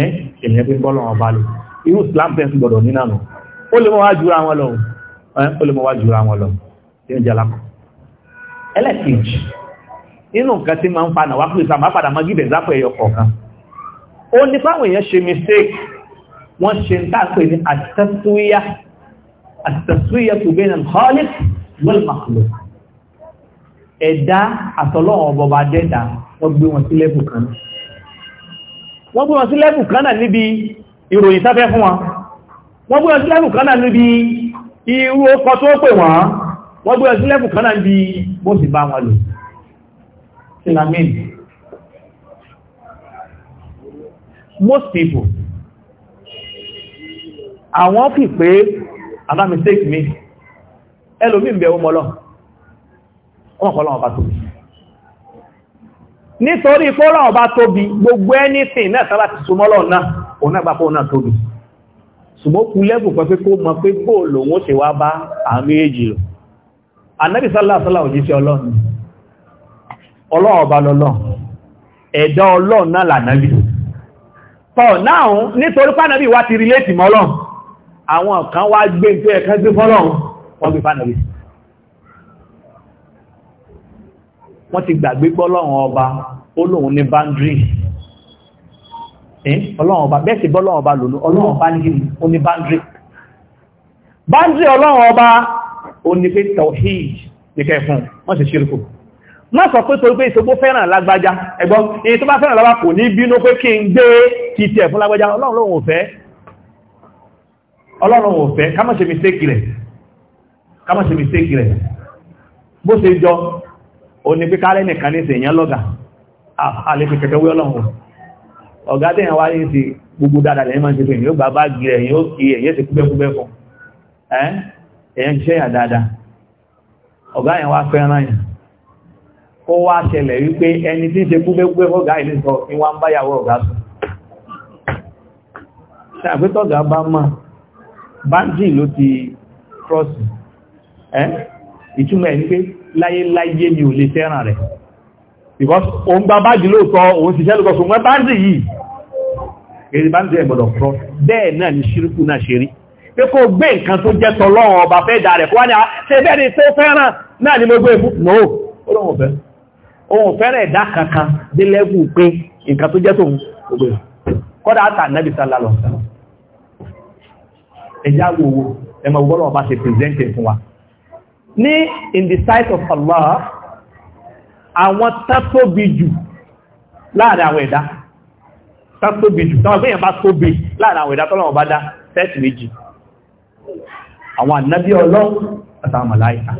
ẹ̀ ènìyàn fi ń bọ́lọ̀ wọn balẹ̀ irú islam fẹ́ sí gbọ́dọ̀ nínà nù ó lè mọ́ wá jura wọn lọ ó lè mọ́ wá jura ẹlẹ́kejì nínú nǹkan tí máa ń padà wá pèsè àmà padà máa gíbẹ̀ zápò ẹ̀yọ kọ̀ọ̀kan ó ní fáwọn èèyàn ṣe mistake wọ́n ṣe ń tàpé ní àtẹ́súyá àtẹ́súyá tó bẹ́ẹ̀ náà holic wọ́n màkùlù ẹ̀dá àtọ́lọ́wọ́ bọba dẹ́dà wọ́n gbé wọn sí lẹ́bù kan wọ́n gbé wọn sí lẹ́bù kan wọn sí lẹ́bù kan náà níbi irú ọkọ̀ tó pè wọ́n wọ́n gbé ẹ̀sùn lẹ́kùn kanáà bí bó sì bá wọn lò mean, most people àwọn fi pé àbá mistake me. ẹlòmí ń bẹ ọmọ lọ ọmọ kọ́ lọ́wọ́ bá tóbi nítorí fọ́lọ́ ọba tóbi gbogbo anything náà sábà ti súnmọ́ lọ́wọ́ náà òun náà gbapọ̀ náà tóbi ṣùgbọ́n kú lẹ́bùn pẹ́ pé kó mọ̀ pé bóòlò òun ó ṣe wá bá àmì èjì lọ Ànábì sálàsálà òjíṣẹ́ ọlọ́run ọlọ́run ọba lọ́lọ́run ẹ̀dá ọlọ́run náà lànábì tọ́ náà nítorí pánàbí wá ti rílé tìmọ́ ọlọ́run àwọn kan wá gbé tó ẹ̀kan sí fọ́lọ́run wọ́n gbé pánàbí wọ́n ti gbàgbé pọ́lọ́run ọba olóhun ní boundary ọlọ́run ọba bẹ́ẹ̀ sì bọ́lọ́run ọba lòlú ọlọ́run ọba ó ní pé tawhid nìkẹ́ fún wọ́n sì ṣírùkù máa sọ pé torí pé ìṣogbó fẹ́ràn lágbájá ẹgbọ́n èyí tó bá fẹ́ràn lábá kò ní bínú pé kí n gbé títí ẹ̀fún lágbájá ọlọ́run lóhun ò fẹ́ ọlọ́run ò fẹ́ ká má ṣe mistake rẹ̀ ká má ṣe mistake rẹ̀ bó ṣe jọ ó ní pé kálẹ́ nìkan ní ìṣèyàn lọ́gà àlepẹ̀ kẹ̀kẹ́ wé ọlọ́run ọ̀gá tẹ̀yàn wá ní ti gbogbo dáadáa lẹ́yìn máa ń ṣe pé èyàn ó gbà bá gírẹ̀ èyàn ó kí èyàn ti kúbẹ́kúbẹ́ fún èyàn ṣiṣẹ́ yà dáadáa ọ̀gá yẹn wá fẹ́ràn yẹn ó wá ṣẹlẹ̀ wípé ẹni tí ń ṣe kúgbẹ́gbẹ́ ọ̀gá ilé sọ ní wá ń báyàwó ọ̀gá sùn bá ló ti kírọ́sì ẹ́ ìtumọ̀ ẹ̀ ní pé láyéláyé ni ò lè fẹ́ràn rẹ̀ because òun gba báńdì lóòtọ́ pé kó gbé nǹkan tó jẹ́ tọ́lọ́run ọba fẹ́ dà rẹ̀ kó wá ní ṣe bẹ́ẹ̀ ni tó fẹ́ràn náà ni mo gbé fún no ohun fẹ́ràn ẹ̀dá kankan dé lẹ́gùn pé nǹkan tó jẹ́ tó ń gbé kọ́dá àtà nẹ́bí sálálọ̀ ẹjá gbogbo ẹmọ gbọ́nà ọba ṣe pẹ̀sẹ̀ntẹ̀ fún wa ní in the sight of Allah àwọn tátóbi jù láàrin àwọn ẹ̀dá tátóbi jù táwọn gbẹ̀yàn bá tóbi láàrin àwọn ẹ̀dá tọ́lọ́wọ́ bá dá sẹ́ẹ̀tì méjì àwọn ànábí ọlọ́run àtàwọn màláìkà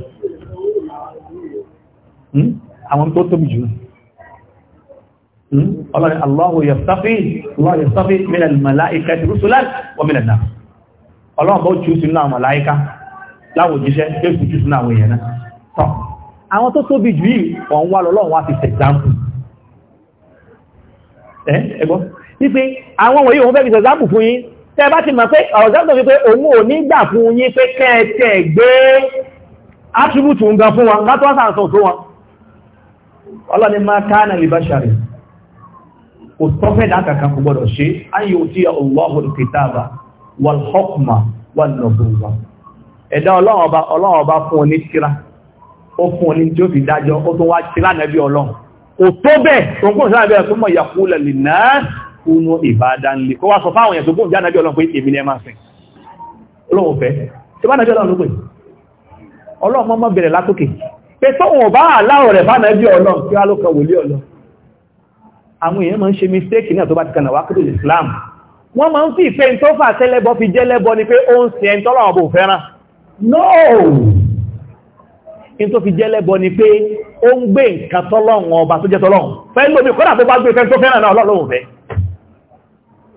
hmm? àwọn tó tóbi jù hmm? ọlọ́rin Allahu yastafi Allahu yastafi minal malaikati rusulan wa minan nas ọlọ́run bó jù sínú àwọn màláìkà láwòjíṣẹ́ tó kù jù sínú àwọn èèyàn náà tọ́ àwọn tó tóbi jù yìí ọ̀n wà lọ́lọ́run wá fi sẹ̀dáǹpù àwọn wọ̀nyí òun fẹ́ fi sẹ̀dáǹpù fún yín tẹ́ bá ti mọ̀ pé ọ̀rọ̀sẹ́gbẹ̀ wípé òun ò ní gbà fún yín pé kẹ́ẹ̀tẹ́ gbé attribute ń gan fún wọn látọ́ sàǹsọ̀ tó wọn ọlọ́ni máa káànà lè bá ṣàrì kò tọ́fẹ́ dákàkà kò gbọ́dọ̀ ṣe ayò tí ọlọ́hùn kìtàbà wal hukma wal nubuwa ẹ̀dá ọlọ́run ọba fún ọ ní tíra ó fún ọ ní tí ó fi dájọ́ ó tún wá tíra nẹ́bí ọlọ́run kò tó bẹ́ẹ̀ kúnú ìbádánlé kó wá sọ fáwọn èèyàn tó gbóhùn jánàbí ọlọ́run pé èmi ní ẹ máa sìn ọlọ́run fẹ́ tí bá nàbí ọlọ́run ló pè ọlọ́run mọ́mọ́ bẹ̀rẹ̀ látòkè pé tọ́wọ̀n bá aláwọ̀ rẹ̀ bá nàbí ọlọ́run kí wá ló kan wòlé ọlọ́run àwọn èèyàn máa ń ṣe mistake náà tó bá ti kànà wá Islam wọ́n máa ń fi ìfẹ́ tó fà tẹ́lẹ́bọ fi jẹ́ lẹ́bọ ni pé ó ń no in tó fi jẹ́ lẹ́bọ ni pé gbé nǹkan ọba tó jẹ́ tọ́lọ́run pẹ́lú omi kọ́dà tó bá gbé fẹ́ tó fẹ́ràn náà ọlọ́run fẹ́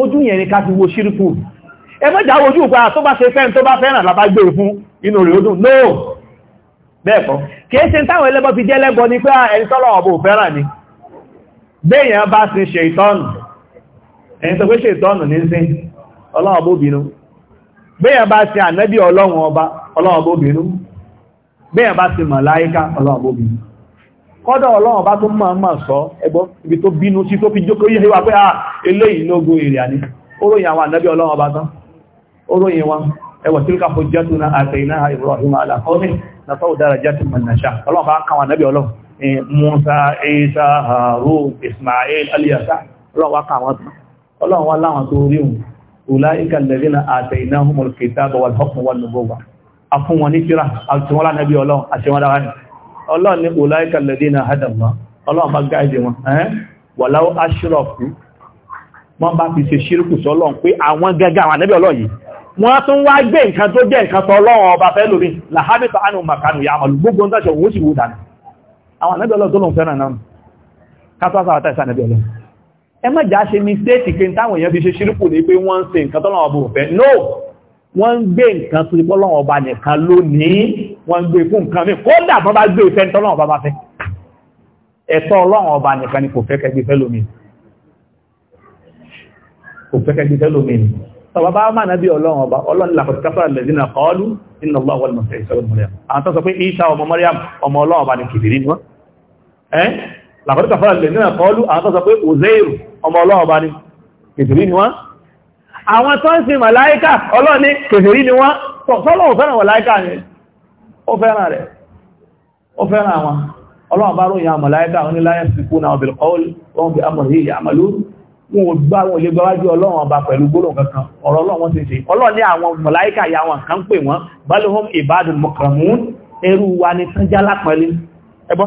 ojú yẹn ni ká ti wo ṣírùkù ẹgbẹ́jà ojú ìgbà tó bá ṣe fẹ́ tó bá fẹ́ràn lábá gbé e fún inú rẹ̀ odùn no bẹ́ẹ̀kọ́ kìí ṣe táwọn ẹlẹ́bọ fi jẹ́ lẹ́bọ ní pé ah, ẹni tọ́lọ̀ ọ̀bọ̀ fẹ́ràn ni bẹ́ẹ̀yàn bá sin ṣe ìtọ́nù ẹni tó pé ṣe ìtọ́nù ní sin ọlọ́run bó bínú bẹ́ẹ̀yàn bá sin ànẹ́bí ọlọ́run ọba ọlọ́run bó bínú bẹ́ẹ̀yàn bá sin màláíkà ọlọ́run bó bínú kọ́dọ̀ ọlọ́run bá tó máa máa sọ ẹgbọ́ ibi tó bínú sí tó fi jókó yíò wà pé à ah, eléyìí lógún èrè àní oróyìn àwọn ànábí ọlọ́run bá tán oróyìn wọn ẹwọ̀ tí ó káfò jẹ́tùnà àtẹ̀yìnà Ibrahim alákọ́rin na sọ́wọ́ dára jẹ́tùn mọ̀nàṣà ọlọ́run bá káwọn ànábí ọlọ́run Musa Isa Harun Ismail aliyasa ọlọ́run wá káwọn tán ọlọ́run wá láwọn tó rí wọn ulaika alladhina atainahumul ní ọlọ́run ní ulaika alladhina hadallah ọlọ́run bá gáìdì wọn walau ashraku wọ́n bá fi ṣe ṣírùkù sọ́lọ́run pé àwọn gẹ́gẹ́ àwọn ànẹ́bẹ̀ ọlọ́run yìí wọ́n tún wá gbé nǹkan tó jẹ́ nǹkan tọ́lọ́run ọba fẹ́ lórí làhábìtà ánù màkánù yà àmàlù gbogbo ń dáṣọ òun sì wù dànù àwọn ànẹ́bẹ̀ ọlọ́run tó lòun fẹ́ràn náà kátásà wọ́n gbé fún nǹkan mi kódà bọ́n bá gbé ìfẹ́ tọ́lọ́run ọba bá fẹ́ ẹ̀tọ́ ọlọ́run ọba nìkan ni kò fẹ́ kẹgbẹ́ fẹ́ lómi kò fẹ́ kẹgbẹ́ fẹ́ lómi ni tọba bá máa nábí ọlọ́run ọba ọlọ́run làkọ̀tí káfàrà lẹ́dínà kọlu nínú ọlọ́run ọba nìkan ìṣẹ́gun mọ́ríyàm àwọn tó sọ pé ìṣà ọmọ mọ́ríyàm ọmọ ọlọ́run ọba ni kìbìrì ni wọ́n ẹ́ làkọ̀tí káfàrà lẹ́dínà kọlu àwọn ó fẹ́ràn rẹ̀ ó fẹ́ràn àwọn ọlọ́wọ́n bá ròyìn àwọn mọ̀láíkà wọn ní láyé síkú náà bil qawl wọn bí amọ̀ yìí àmàlú wọn ò gbá wọn lè gbáwájú ọlọ́wọ́n ọba pẹ̀lú gbólóhùn kankan ọ̀rọ̀ ọlọ́wọ́n ti ṣe ọlọ́wọ́n ní àwọn mọ̀láíkà ya wọn kan pè wọ́n balhum ibadun mukramun ẹrú wa ni tán jálá pẹ̀lú ẹgbọ́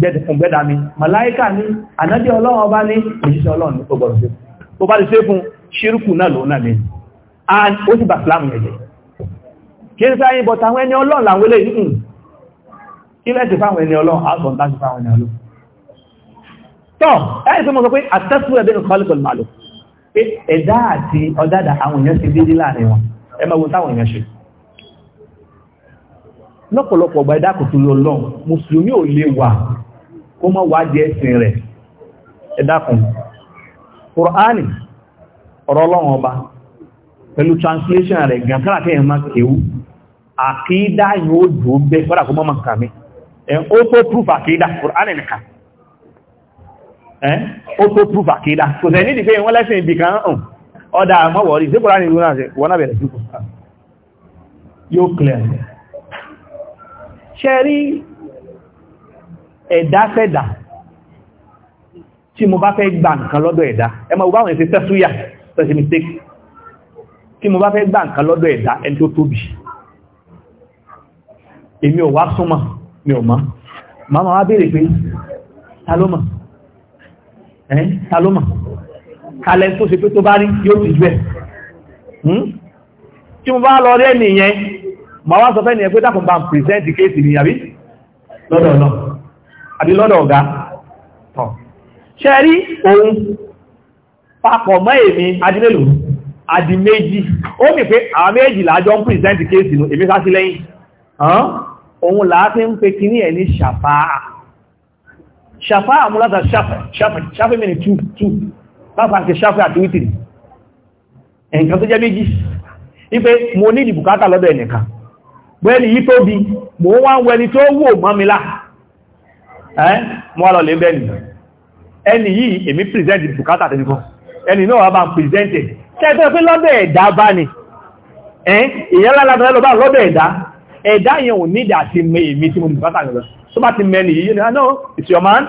gbẹ́dẹ̀ fún gbẹ́dà mi màláíkà ní ànábí ọlọ́run ọba ní òjíṣẹ́ ọlọ́run tó gbọ́rọ̀ sí ó bá ti ṣe fún ṣírùkù náà lòun náà ní and ó sì bà sílámù ẹ̀jẹ̀ kí ní sáyé bọ̀ta àwọn ẹni ọlọ́run làwọn ilé ìdíkù kí lẹ́ẹ̀tì fáwọn ẹni ọlọ́run àásọ̀ ńlá sí fáwọn ẹni ọlọ́run tọ́ ẹ̀yìn tó mọ̀ sọ pé àtẹ́sù ẹ̀bẹ́ ní kọ́lùkọ̀lù màlù lọ́pọ̀lọpọ̀ ọgbà ẹ̀dá kò tó lọ lọ́n mùsùlùmí ò lè wà kó mọ́ wájẹ́ ẹ̀sìn rẹ̀ ẹ dákun Kùránì ọ̀rọ̀ ọlọ́run ọba pẹ̀lú translation rẹ̀ gan kára kẹ́yìn máa kéwú àkídá yóò dùn bẹ́ fọ́dà kó mọ́ máa kà mí ẹ̀ ó tó proof àkídá Kùránì nìkan proof àkídá kò sẹ́ nídìí pé wọ́n lẹ́sìn ibì kan hàn ọ̀dà àmọ́wọ̀ rí sí Kùránì ìlú náà wọ́n náà bẹ̀rẹ̀ sí kò yóò clear ṣe ẹ̀dá sẹ́dà tí mo bá fẹ́ gbà nǹkan lọ́dọ̀ ẹ̀dá ẹ ma wọ́n ẹ̀sẹ̀ tẹ́súyà tẹ́sí mistake tí mo bá fẹ́ gbà nǹkan lọ́dọ̀ ẹ̀dá ẹni tó tóbi èmi ò wá súnmọ́ mi ò mọ̀ màmá wá béèrè pé ta ló mọ̀ ẹ́ ta ló mọ̀ kalẹ̀ tó ṣe pé tó bá rí yóò ti jù ẹ̀ hmm? tí mo bá lọ rí ẹni yẹn wá sọ fẹ́ nìyẹn pé dákùn bá ń pìrìsẹ́ǹtì kéèsì lọ́dọ̀ náà àbí lọ́dọ̀ ọ̀gá tọ̀ ṣe rí ohun papọ̀ mọ́ èmi adínlélò adì méjì ó mì pé àwọn méjì lájọ́ ń pìrìsẹ́ntì kéèsì nù èmi sásí lẹ́yìn ohun láti ń pe kíní ẹ̀ ní ṣàfáà ṣàfáà mú látà ṣàfẹ́ mẹ́rin tú tú láfàáṣe ṣàfẹ́ àti wítìrì ẹ̀nkan tó jẹ́ ẹ́ mọ́ lọ lè bẹ́ẹ̀ni ẹni yìí èmi present bùkátà tẹ́nìkan ẹni náà wà bá ń present ẹ̀ tẹ́ẹ̀tẹ́ pé lọ́bẹ̀ ẹ̀dá bá ní ẹ́ ìyẹ́ lálàbẹ̀rẹ̀ lọ bá lọ́bẹ̀ ẹ̀dá ẹ̀dá yẹn ò ní ìdásí mẹ́ èmi tí mo bùkátà lọ tó bá ti mẹ́ni yìí ní àná it's your man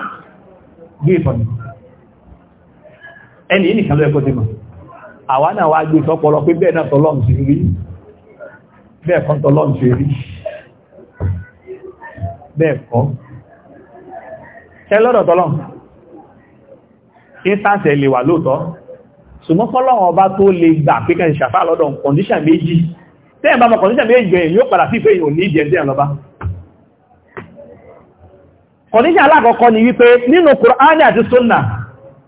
gbé ìfọ̀n e ẹni yìí nìkan ló ẹ̀kọ́ ti mọ̀ àwa náà wá gbé ìfọ́pọlọ pé bẹ́ẹ̀ náà tọ́lọ́run ti rí bẹ́ẹ̀ kan tọ́lọ́run ti rí ṣe lọ́dọ̀ tọ́lọ́n instance ẹ̀ lè wà lóòtọ́ ṣùgbọ́n fọ́lọ́wọ́ ọba tó lè gbà pé kẹ́ ṣàfà lọ́dọ̀ condition méjì tẹ́ ìbámọ̀ condition méjì gbẹ̀yìn yóò padà sí pé yóò ní ìdí ẹ̀ lọ́ba condition alákọ̀ọ́kọ́ ni wípé nínú Kùránì àti Sunna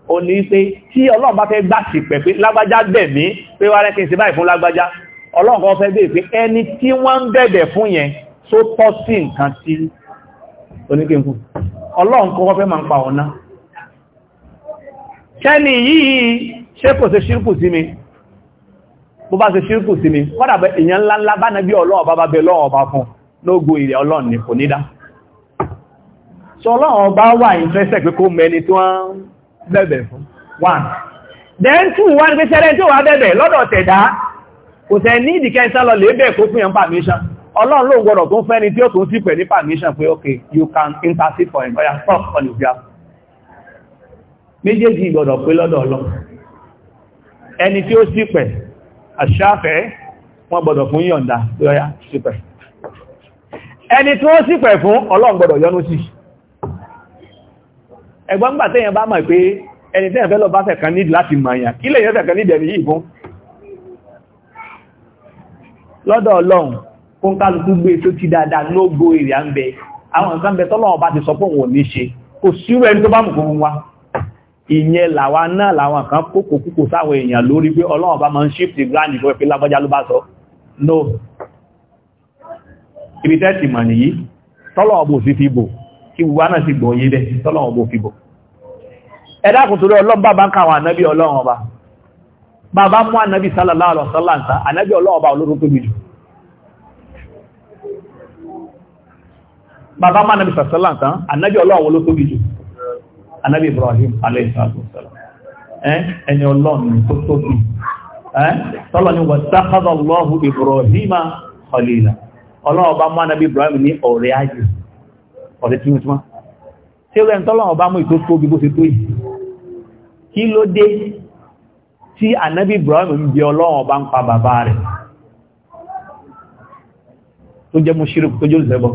o ní pé tí Ọlọ́run bá fẹ́ gbà sí pẹ̀ pé lágbájá bẹ̀ mí pé wá rẹ́kí sí báyìí fún lágbájá Ọlọ́run kọ́ fẹ́ bèèrè pé ẹni tí wọ́n ń bẹ̀bẹ̀ fún yẹn tó tọ́ sí nǹkan tí oníkẹ́kùn ọlọ́run kọ́ wọ́n fẹ́ ma ń pa ọ̀nà kẹ́ni yìí ṣe kò ṣe ṣírkù sí mi bó bá ṣe ṣírkù sí mi kọ́dà èyàn ńláńlá bá nẹ́bí ọlọ́ọ̀bá bá bẹ lọ́ọ̀bá fún lógo ilẹ̀ ọlọ́run ní kò nídá so ọlọ́run bá wà ìfẹ́sẹ̀ pé kó mẹ́ni tí wọ́n fún one then two ọlọ́run ló gbọ́dọ̀ tó ń fẹ́ni tí ó tún sí pẹ̀ ní permission pé ok you can intercede for him ọya stop on his behalf méjèèjì gbọ́dọ̀ pé lọ́dọ̀ ọlọ́run ẹni tí ó sí pẹ̀ àṣáfẹ́ wọ́n gbọ́dọ̀ fún yọ̀ǹda pé ọya sí pẹ̀ ẹni tí ó sí pẹ̀ fún ọlọ́run gbọ́dọ̀ yọ́nú sí ẹgbọ́n gbà tẹ́yẹn bá mọ̀ pé ẹni tẹ́yẹn fẹ́ lọ bá fẹ̀ kan nídì láti mọ̀yà kí lè yẹn fẹ̀ kan nídì ẹni yìí fún lọ́dọ̀ ọlọ́run kó ń kálukú gbé tó e ti dáadáa ló gbó èrè à ń bẹ àwọn nǹkan bẹ tọ́lọ́wọ́ bá ti sọ pé òun ò ní ṣe kò sírò ẹni tó bá mú kó wá ìyẹn làwa náà làwọn kan kókò sáwọn èèyàn lórí pé ọlọ́wọ́ bá máa ń shift grand ìfẹ́ no ibi tẹ́ẹ̀tì mọ̀ nìyí tọ́lọ́wọ́ bò sí fi bò kí gbogbo náà sì gbòye bẹ́ tọ́lọ́wọ́ bò fi bò ẹ̀dàkùn torí ọlọ́run bàbá ń káwọn ànábí ọlọ́run ọba bàbá máa nàbí sàṣẹ́lá tán ànábì ọlọ́run ló tóbi jù ànábì Ibrahim aláìsàtọ̀sẹ̀lá ẹni ọlọ́run tó tóbi tọ́lọ̀ ni wọ́n sáfàdọ̀lọ́hù Ibrahim khalila ọlọ́run bá máa nàbí Ibrahim ní ọ̀rẹ́ ajé ọ̀rẹ́ tí wọ́n tí wọ́n tọ́lọ́run bá mú ìtó tóbi bó ṣe tó Ibrahim ń bí ọlọ́run bá ń pa bàbá rẹ̀ tó jẹ́ mú ṣírùkù tó jẹ́ olùsẹ́gbọ́n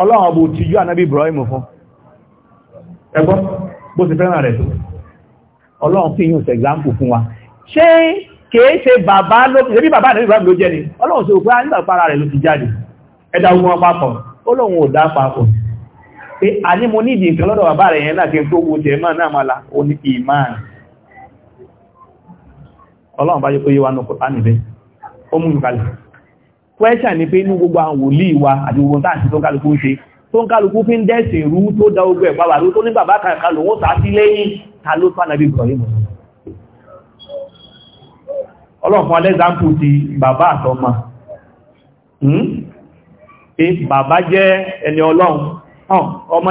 ọlọ́run ọbò ti yọ ànábì Ibrahim fún ẹgbọ́ bó ti fẹ́ràn rẹ̀ tó ọlọ́run fi yíò sẹ̀gbáǹpù fún wa ṣé kìí ṣe bàbá ló ṣebí bàbá ànábì Ibrahim ló jẹ́ ni ọlọ́run ṣe òpin nígbà para rẹ̀ ló ti jáde ẹ̀dá ogun papọ̀ ọlọ́run ò dá papọ̀ pé a ní mo nídìí nǹkan lọ́dọ̀ bàbá rẹ̀ yẹn náà kí n tó wo jẹ́ máa náà máa la ó ní ìmáà ọlọ́run bá yẹ kó yé wa kwẹ́ṣà ni pé ní gbogbo àwọn wòlíì wa àti gbogbo táà sí tó ń kálukú ṣe tó ń kálukú fi ń dẹ́sìn rú tó dá ogun ẹ̀pá wà ló tó ní bàbá kàkà lòun sá sí lẹ́yìn ta ló tó ànàbí Ibrahim ọlọ́fún alẹ́zàmpù ti bàbá àtọ́mà hmm? pé bàbá jẹ́ ẹni ọlọ́run ọmọ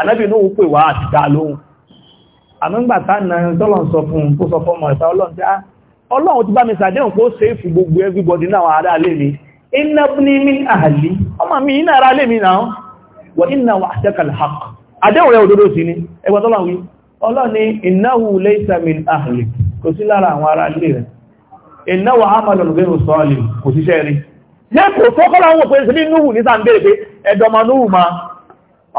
ànábì ní òun pè wá àti dá lóhùn àmúgbàtà náà tọ́lọ̀ sọ fún un kó sọ fọ́mọ̀ ẹ̀ta ọlọ́run tí ah, ọlọ́run ti bá mi sàdéhùn kó gbogbo everybody náà ará lè mi iná ní mí àhàlì ọmọ mi iná ará lè mi náà wọ iná wà àṣẹ́kàlẹ̀ hàk ni ni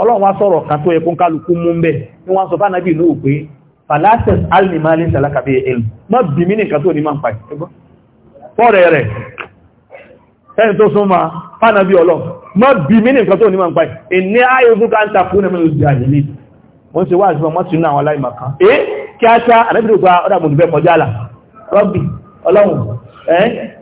ọlọ́run wá sọ̀rọ̀ kan tó ẹkún kálukú mú ń bẹ̀ ní wọ́n sọ bá náà bí inú òpé palaces alimali salakabe el má bí mí nìkan tó ní máa ń pa ẹgbọ́ fọ́rẹ̀ rẹ̀ ẹni tó sún ma fánà bí ọlọ́ má bí mí nìkan tó ní máa ń pa ẹni ayébúká ń takú ní mẹ́lú ìjàlélé wọ́n ṣe wá àṣìfọ́ mọ́ sínú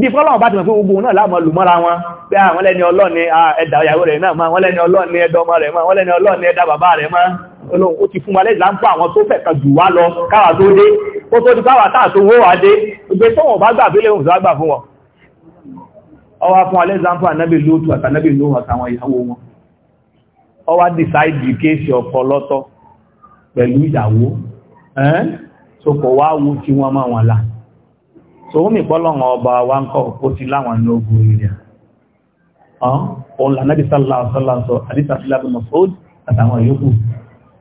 bí fọ́lọ́wọ́ bá ti mọ̀ pé gbogbo náà láàmọ́ lù mọ́ra wọn pé àwọn ah, lẹ́ni ọlọ́ni ah, ẹ̀dà ìyàwó rẹ̀ náà máa wọ́n lẹ́ni ọlọ́ni ẹ̀dà ọmọ rẹ̀ máa wọ́n lẹ́ni ọlọ́ni ẹ̀dà bàbá rẹ̀ máa olóhun ó ti fún wa lẹ́gbàá àwọn tó fẹ̀ka jù wá lọ káwà tó dé ó tó di káwà táà tó wó wá tó wọ́n bá gbà bí léhùn tó fún wọn ọwá fún alẹ́zàmfà anábì lóòtù àtànábì lóòhùn àtàwọn ìyàwó wọn ọwá dìsáìdì kéèsì ọkọ lọ́tọ̀ pẹ̀lú ìyàwó ẹ́n so kọ̀ wá wo tí wọ́n máa wọn láà tòun mi bọ́lọ́wọ́ ọba wa ń kọ́ ó ti láwọn ní ogun ilẹ̀ ọ̀n lànàbí sálà sálà sọ àdísàfílábì mọ̀sóòd àtàwọn yòókù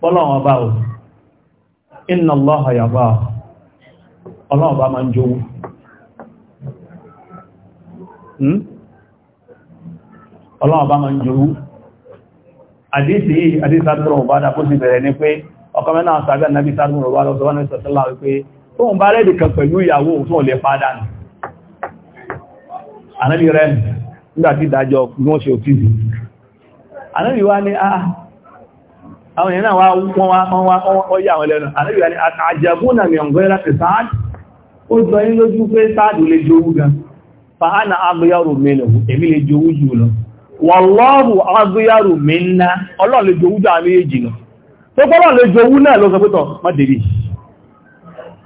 bọ́lọ́wọ́ ọba o iná lọ́họ̀ yàbá ọlọ́ọ̀bá máa ń jówó hmm? ọlọ́ọ̀bá máa ń jówó àdísì àdísàfílábì mọ̀sóòd àtàwọn yòókù tó ń bá rẹ̀dì kan pẹ̀lú ìyàwó tó lè padà nù ànábì rẹ̀ nígbàtí ìdájọ́ wọ́n ṣe òtìdì ànábì wá ní ah, àwọn èèyàn náà wọ́n yà àwọn wá ní mi ọ̀gbẹ́ láti sáàdì ó jọ yí lójú pé sáàdì lè jowú gan fàánà agbéyàrò mẹ́lẹ̀ lè jowú jù lọ wàlọ́rù agbéyàrò mẹ́ná ọlọ́run lè jowú jù àmì èjì lọ tó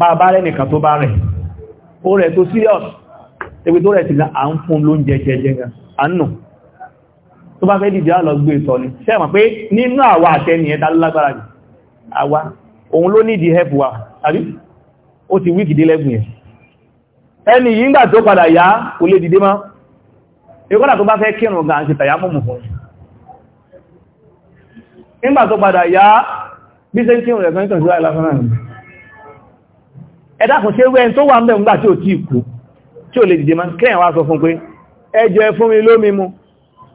bàbá rẹ̀ nìkan tó bá rẹ̀ ó rẹ̀ tó serious ebi tó rẹ̀ ti ní à ń fún lóúnjẹ jẹjẹ àánú tó bá fẹ́ dìde àlọ́ gbé ìtọ́ ni sẹ́mọ̀ pé nínú àwa àtẹni ẹ̀dá lágbára jù àwa òun ló nídi help wa tàbí ó ti wíkì dé lẹ́gùn yẹn ẹni yìí ńgbà tó padà yá kò lè dìde mọ́ ìkọ́nà tó bá fẹ́ kírùn gan ṣe tàyà mọ̀mù fún nígbà tó padà yá bí sẹ́ńtírùn rẹ̀ kan ìtàn sí ẹ̀dàkùn ṣe wẹ́n tó wà ń bẹ̀rún gbà tí ò tí kú tí ò lè dìde máa kẹ́yàn wá sọ fún pé ẹjọ́ ẹ fún mi lómi mu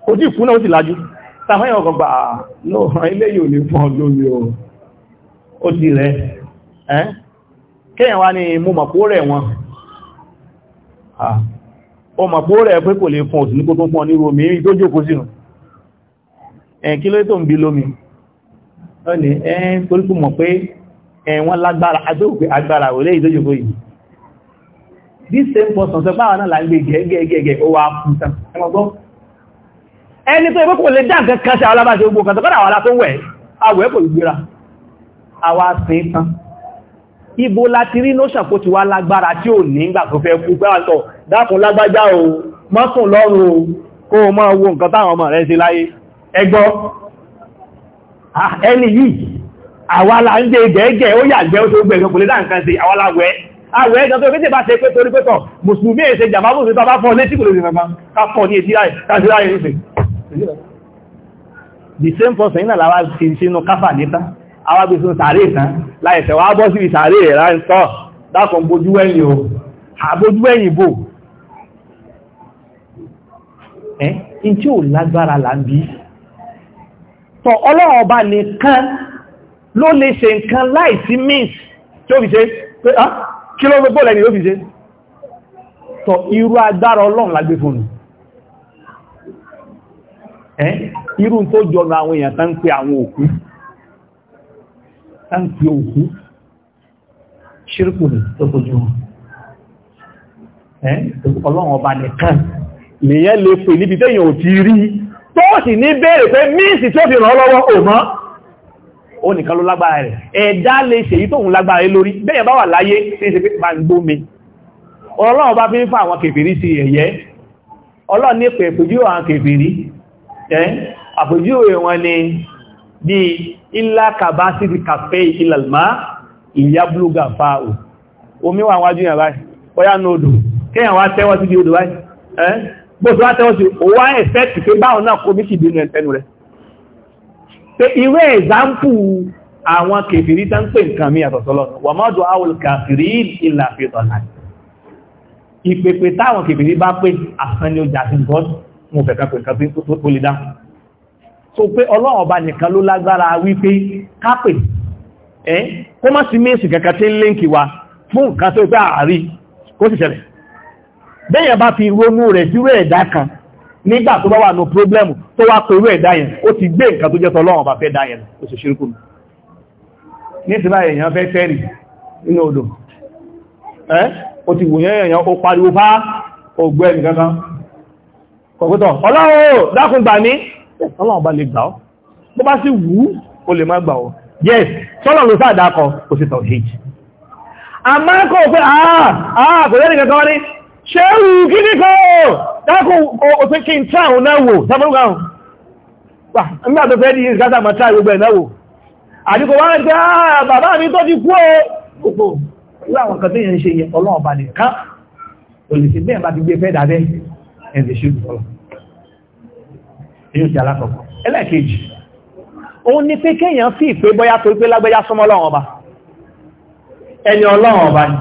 kò tí kú náà ó sì lájú tàfẹ́yàn ọkọ̀ gbà ah, náà ilé yìí ò lè fún lómi ó ti rẹ̀ kẹ́yàn wá ní mú mọ̀pó rẹ̀ wọn mọ̀ pé ẹ̀wọ́n lágbára àjọ́gbé agbára olè ìdójúgbó yìí this same person sọ báwọn náà lágbé gẹ́gẹ́gẹ́gẹ́ ó wá fún tán ẹmọ́gbọ́n ẹni tó ẹgbẹ́ kò lè dá nǹkan kan sí àwọn alábáṣe gbogbo kan tọ́kọ́dà àwọn tó wẹ̀ àwẹ̀ kò gbéra àwa sin tán ibo láti rí nóṣà kó ti wá lágbára tí ò ní ìgbà tó fẹ́ kú pẹ́wàtọ̀ dákun lágbájá o mọ́sùn lọ́rùn o kó o máa wo nǹkan táwọn ọmọ rẹ̀ ṣe láyé ẹgbọ́ ah, ẹni yìí àwa la ń dé gẹ́gẹ́ ó yà jẹ́ ó tó gbẹ̀rẹ̀ kò lè dá nǹkan sí àwa la wẹ́ àwẹ́ ẹ̀gàn tó fẹ́tẹ̀ bá ṣe pé torí pẹ́tọ̀ mùsùlùmí èṣe jàmbá mùsùlùmí bá fọ́ létí kò lè rìnrìn kápọ̀ ní ètí ráyẹ̀ ní the same person iná làwá ti sínú káfà níta àwa gbé sínú sàárè tán láìsẹ̀ wá bọ́ sí sàárè rẹ̀ láìsọ́ dákùn bójú ẹ̀yìn o àbójú ẹ̀yìn bò ẹ́ in tí ò lágbára là ń bí tọ́ ọlọ́run ọba ló lè ṣe nǹkan láìsí mint tí ó fi ṣe pé á ah, kí ló gbogbo lẹ́ni ló fi ṣe tó irú agbára ọlọ́run lágbé fún ẹ́ irú tó jọna àwọn èèyàn tán pé àwọn òkú tán pé òkú ṣírkù ní tó fojú wọn ọlọ́run ọba nìkan lèyẹ́ lè pè ó nìkan ló lágbára rẹ̀ ẹ̀dá lè ṣèyí tóhun lágbára rẹ̀ lórí bẹ́ẹ̀ bá wà láyé tí ṣe pé ma ń gbómi ọlọ́run bá fi ń fa àwọn kèfèrí sí ẹ̀yẹ́ ọlọ́run ní pẹ̀ ni bí ilá kàbá sí ti kàfẹ́ ìlàlmá ìyáblógà fáàù omi wà wájú yàn báyìí bóyá ní odò kéèyàn wá tẹ́wọ́ sí di odò báyìí bó tó wá tẹ́wọ́ sí òwá ẹ̀fẹ́ tìfẹ́ báwọn náà kó bí kìdínú pé irú ẹ̀zámpù àwọn kèfìrí tán pè nǹkan mí àtọ̀tọ̀lọ́ wà má dùn áwòl kàfìrí ìlà fìtọ̀lá ìpèpè táwọn kèfìrí bá pé àsán ni ó jà sí god mo fẹ̀ kan pè nǹkan tí ó lè dáhùn so pé ọlọ́run ọba nìkan ló lágbára wípé kápè ẹ́ kó má sí méèsì kankan tí ń léǹkì wa fún nǹkan tó pé àárí kó sì ṣẹlẹ̀ bẹ́yàn bá fi ronú rẹ̀ sírú ẹ̀dá kan nígbà tó bá wà ní problem tó wá pẹ̀lú ẹ̀dá yẹn ó ti gbé nǹkan tó jẹ́ tọ́lọ́wọ̀n bá fẹ́ dá yẹn ó sì ṣirkù ní ti báyìí èèyàn fẹ́ tẹ́rì nínú odò ẹ́ ó ti wòyẹ́ èèyàn ó pariwo fá ògbẹ́ nìkankan kọ̀kútọ̀ ọlọ́run dákun gbà yes sọ́lọ̀ ló sáàdákọ̀ kò sí tọ̀hìj àmọ́ kò pé àà ah, àà ah, kò lẹ́nìkankan ní ṣẹ́rù gíní kan dákùn òfin kí n táàrùn náà wò sáfẹ́lúkàrùn wà nígbà tó fẹ́ di ìsìkátà ma táà gbogbo ẹ̀náwò àdíkò wá ń tẹ́ ah, bàbá mi tó ti kú o gbogbo láwọn kan tí yẹn ṣe yẹ ọlọ́run bá nìkan olùsí bẹ́ẹ̀ bá ti gbé fẹ́ dàbẹ́ ẹ̀dẹ̀ ṣe lùtọ́lọ̀ èyí ti alákọ̀ọ́kọ́ ẹlẹ́ẹ̀kejì òun ni pé kéèyàn fi ìpé bọ́yá torí pé lágbẹ́já súnmọ́ ọlọ́run ọba ẹni ọlọ́run ọba ni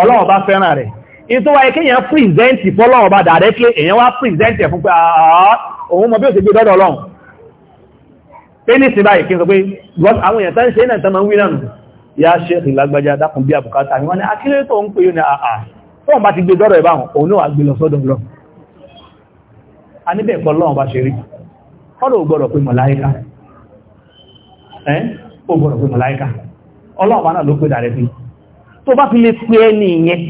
ọlọ́run ọba fẹ́ràn rẹ̀ in tó wáyé kíyàn present fọ́lọ́wọ́ bá directly èyàn wá present ẹ̀ fún pé òun mọ̀ bí ó ti gbé dọ́dọ̀ ọlọ́run pé ní sí báyìí kí n sọ pé àwọn èèyàn tán ṣe náà tán ma ń wí náà ya ṣe ìlágbàjá dákùn bí àbùkátà ni wọ́n ni akílé tó ń pè yóò ní àà fọ́n bá ti gbé dọ́dọ̀ ìbáhùn òun náà gbé lọ sọ́dọ̀ lọ a níbẹ̀ kọ́ lọ́wọ́n bá ṣe rí kọ́lọ̀ ògbọ́dọ̀ pé fi lè pé ẹni ìyẹn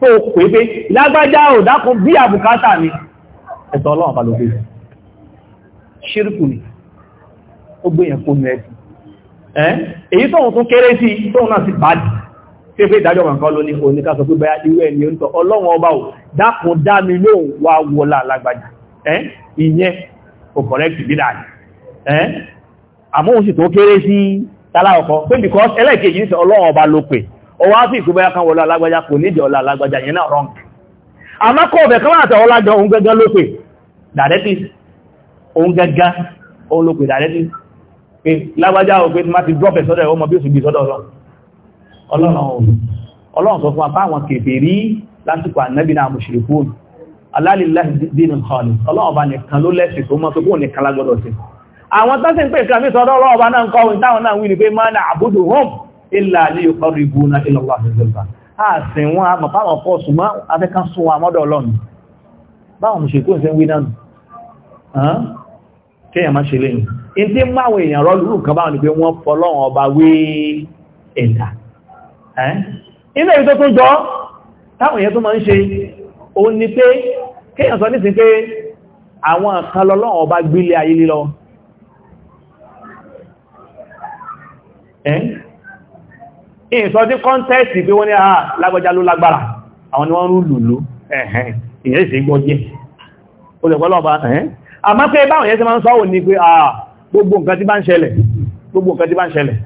tó pè pé lágbájá ò dákun bí àbùkátà ni ẹ̀tọ́ ọlọ́run bá ló gbé ṣírùkù ni ó gbé yẹn kó ní ẹ̀dù èyí tóhun tún kéré sí tóhun náà sì bàdì tí pé ìdájọ́ kankan ló ní oníkásọ pé báyá irú ẹni orítọ̀ ọlọ́run ọba ò dákun dá mi lóhun wá wọlá ni àmóhun sì ọwá sí ìpínbáyá kan wọlá alágbájá kò nídìí ọlá alágbájá yẹn náà wrong àmọ́kọ̀ ọ̀bẹ̀ kan láti ọlá jọ ohun gẹ́gẹ́ lópe directive ohun gẹ́gẹ́ ohun lópe directive pé lágbájá o pé má ti drop ẹ̀sọ́dọ̀ ẹ̀wọ́ mọ̀ bí ó sì gbé sọ́dọ̀ ọlọ́run sọ fún apá àwọn kèfèrí lásìkò ànábìnà àmùsùlùkún alálìláì dínú kọlù ọlọ́run ọba nìkan ló lẹ́sìn tó mọ́ tó kó nìkan lágbọ́dọ̀ sí àwọn tó sì ń pè kàmí sọ́dọ̀ ọlọ́run ọba náà ń kọ́ ohun táwọn náà wí ni pé máa nà àbúdù home ilà ní ìkọrù ìbú na ilọ̀wà àfẹ́sẹ̀lá ààsìn wọn àmàpá àwọn pọ̀ súnmọ́ afẹ́ká sún àmọ́dọ̀ ọlọ́run báwọn mùsùlùmí kò ń ṣe ń wí náà kéèyàn má ṣe lẹ́yìn in tí máwọn èèyàn rọ lúrù kan báwọn ni pé wọ́n fọlọ́run ọba wé ẹ̀dà ilé ìtọ́ tó jọ táwọn èèyàn tó máa ń ṣe ó ní pé kéèyàn sọ nísìn pé àwọn kan lọ́lọ́run ọba gbílé ayé lílọ ìsọdí kọ́ntẹ́ẹ̀tì pé wọ́n ní àà ah, lágbàjá ló lágbára àwọn ni wọ́n rú lùlú ẹ̀hẹ́n ìyẹ́ ìsẹ́ gbọ́jẹ́ olùgbọ́lọ́ba ẹ̀hẹ́n àmá pé báwọn yẹ́ sí máa ń sọ́wọ́ ní pé àà ah, gbogbo nǹkan tí bá ń ṣẹlẹ̀ gbogbo nǹkan tí bá ń ṣẹlẹ̀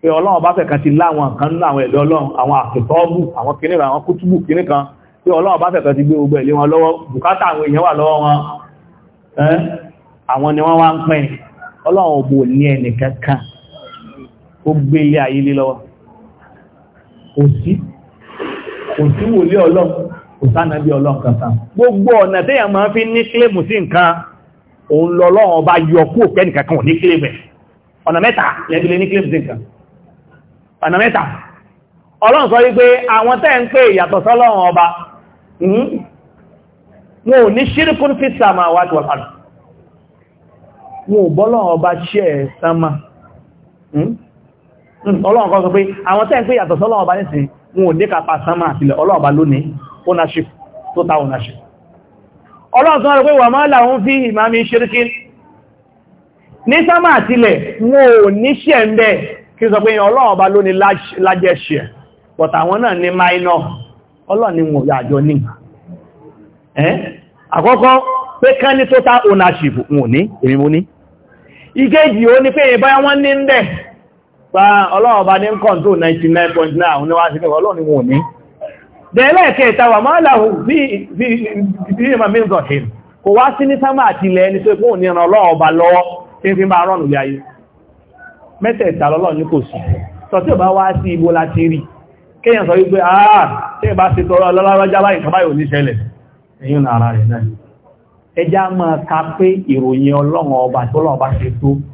pé ọlọ́run bá fẹ́ kan ti láwọn kan nínú àwọn ẹ̀dọ́ ọlọ́run àwọn àkìtọ́ọ̀bù àwọn kìnnì àwọn kútùbù kìnnì kan pé ọlọ́run bá fẹ́ kan ti gbé gbogbo ẹ̀lé wọn lọ́wọ́ bùkátà àwọn èèyàn wà lọ́wọ́ wọn àwọn ni wọ́n wá ń pẹ́ ọlọ́run ò bò ní ẹnìkan kan ó gbé ilé ayé lé lọ́wọ́ kò sí kò sí wòlé ọlọ́run kò sánàbí ọlọ́run kankan gbogbo ọ̀nà téèyàn máa fi ní kílèmù sí nǹkan òun lọ́lọ́run ọba yọ kú òpẹ́ nìkankan ò ní kílèmù ọ̀nà mẹ́ta lẹ́bílẹ̀ ní kílèmù sí nǹkan ọ̀nà mẹ́ta ọlọ́run sọ wípé àwọn tẹ́ ń pè ìyàtọ̀ sọ́lọ́run Hmm, ọlọ́run kan sọ pé àwọn tẹ́ ń pé yàtọ̀ sọ́lọ́run ọba nísìn wọn ò ní kápá sánmà àtìlẹ̀ ọlọ́run ọba lónìí ownership total ownership ọlọ́run tó rẹ̀ pé wà máa làwọn fi ìmámi ṣeríkí ní sánmà àtìlẹ̀ wọn ò ní ṣẹ́ ń bẹ́ kí sọ pé ọlọ́run ọba ni wọn mo ní ìkejì ó ní pé ìbáyá wọ́n ní ń bẹ́ẹ̀ pa ọlọ́run bá ní kọ̀ntó 99.9 àwọn oníwá sí kẹwàá ọlọ́run wọn ní dẹ̀ẹ́lẹ́ kẹta wà máa láhùn bí ìrìnmà mìíràn hìn kò wá sí ní sámà àti ilẹ̀ ẹni tó pé òní ẹran ọlọ́run bá lọ́wọ́ tí ń fi bá rọ̀nù lé ayé mẹ́tẹ̀ẹ̀ta lọ́lọ́run ní kò sí sọ tí ò bá wá sí ibo láti rí kéèyàn sọ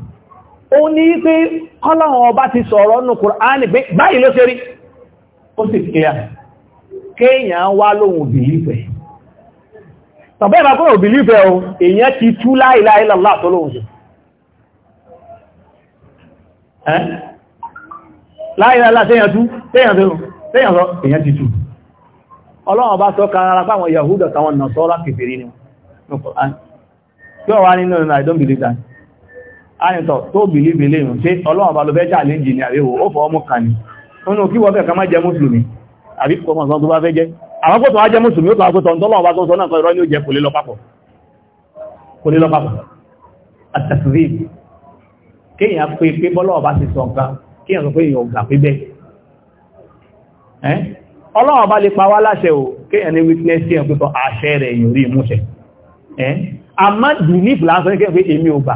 ó ní pé ọlọ́run ọba ti sọ̀rọ̀ nù Kùránì pé báyìí ló ṣe rí ó sì kíyà kéèyàn wá lóhun bìlífẹ̀ tàbí ẹ̀bà kúrò bìlífẹ̀ o èyàn ti tú la ilaha illallah tó lóhun sí la I don't believe that àyẹ̀tọ̀ tó bìlíbìlé ìrùn tí ọlọ́run bá lọ bẹ́ jà lẹ́jì ní àríwò ó fọ́ ọmọ kàní nínú kí wọ́n fẹ́ẹ̀kan má jẹ mùsùlùmí àbí kọmọ̀ tó bá fẹ́ jẹ́ àwọn kò tó wá jẹ mùsùlùmí ó tó àkótọ̀ tọ́lọ́run bá tó sọ náà kọ́ ìrọ́ ní ó jẹ kò lè lọ papọ̀ kò lè lọ papọ̀ àtàkìrí kéèyàn pé pé bọ́lọ́run bá ti sọ nǹkan kéèyàn sọ pé èèyàn gbà pé bẹ́ẹ̀ ẹ́ ọlọ́run bá lè pa wá láṣẹ o kéèyàn ní witness kéèyàn pé sọ àṣẹ rẹ̀ èèyàn rí ìmúṣẹ ẹ́ àmọ́ dùn ní ìfìlà sọ ní kéèyàn pé èmi ò gbà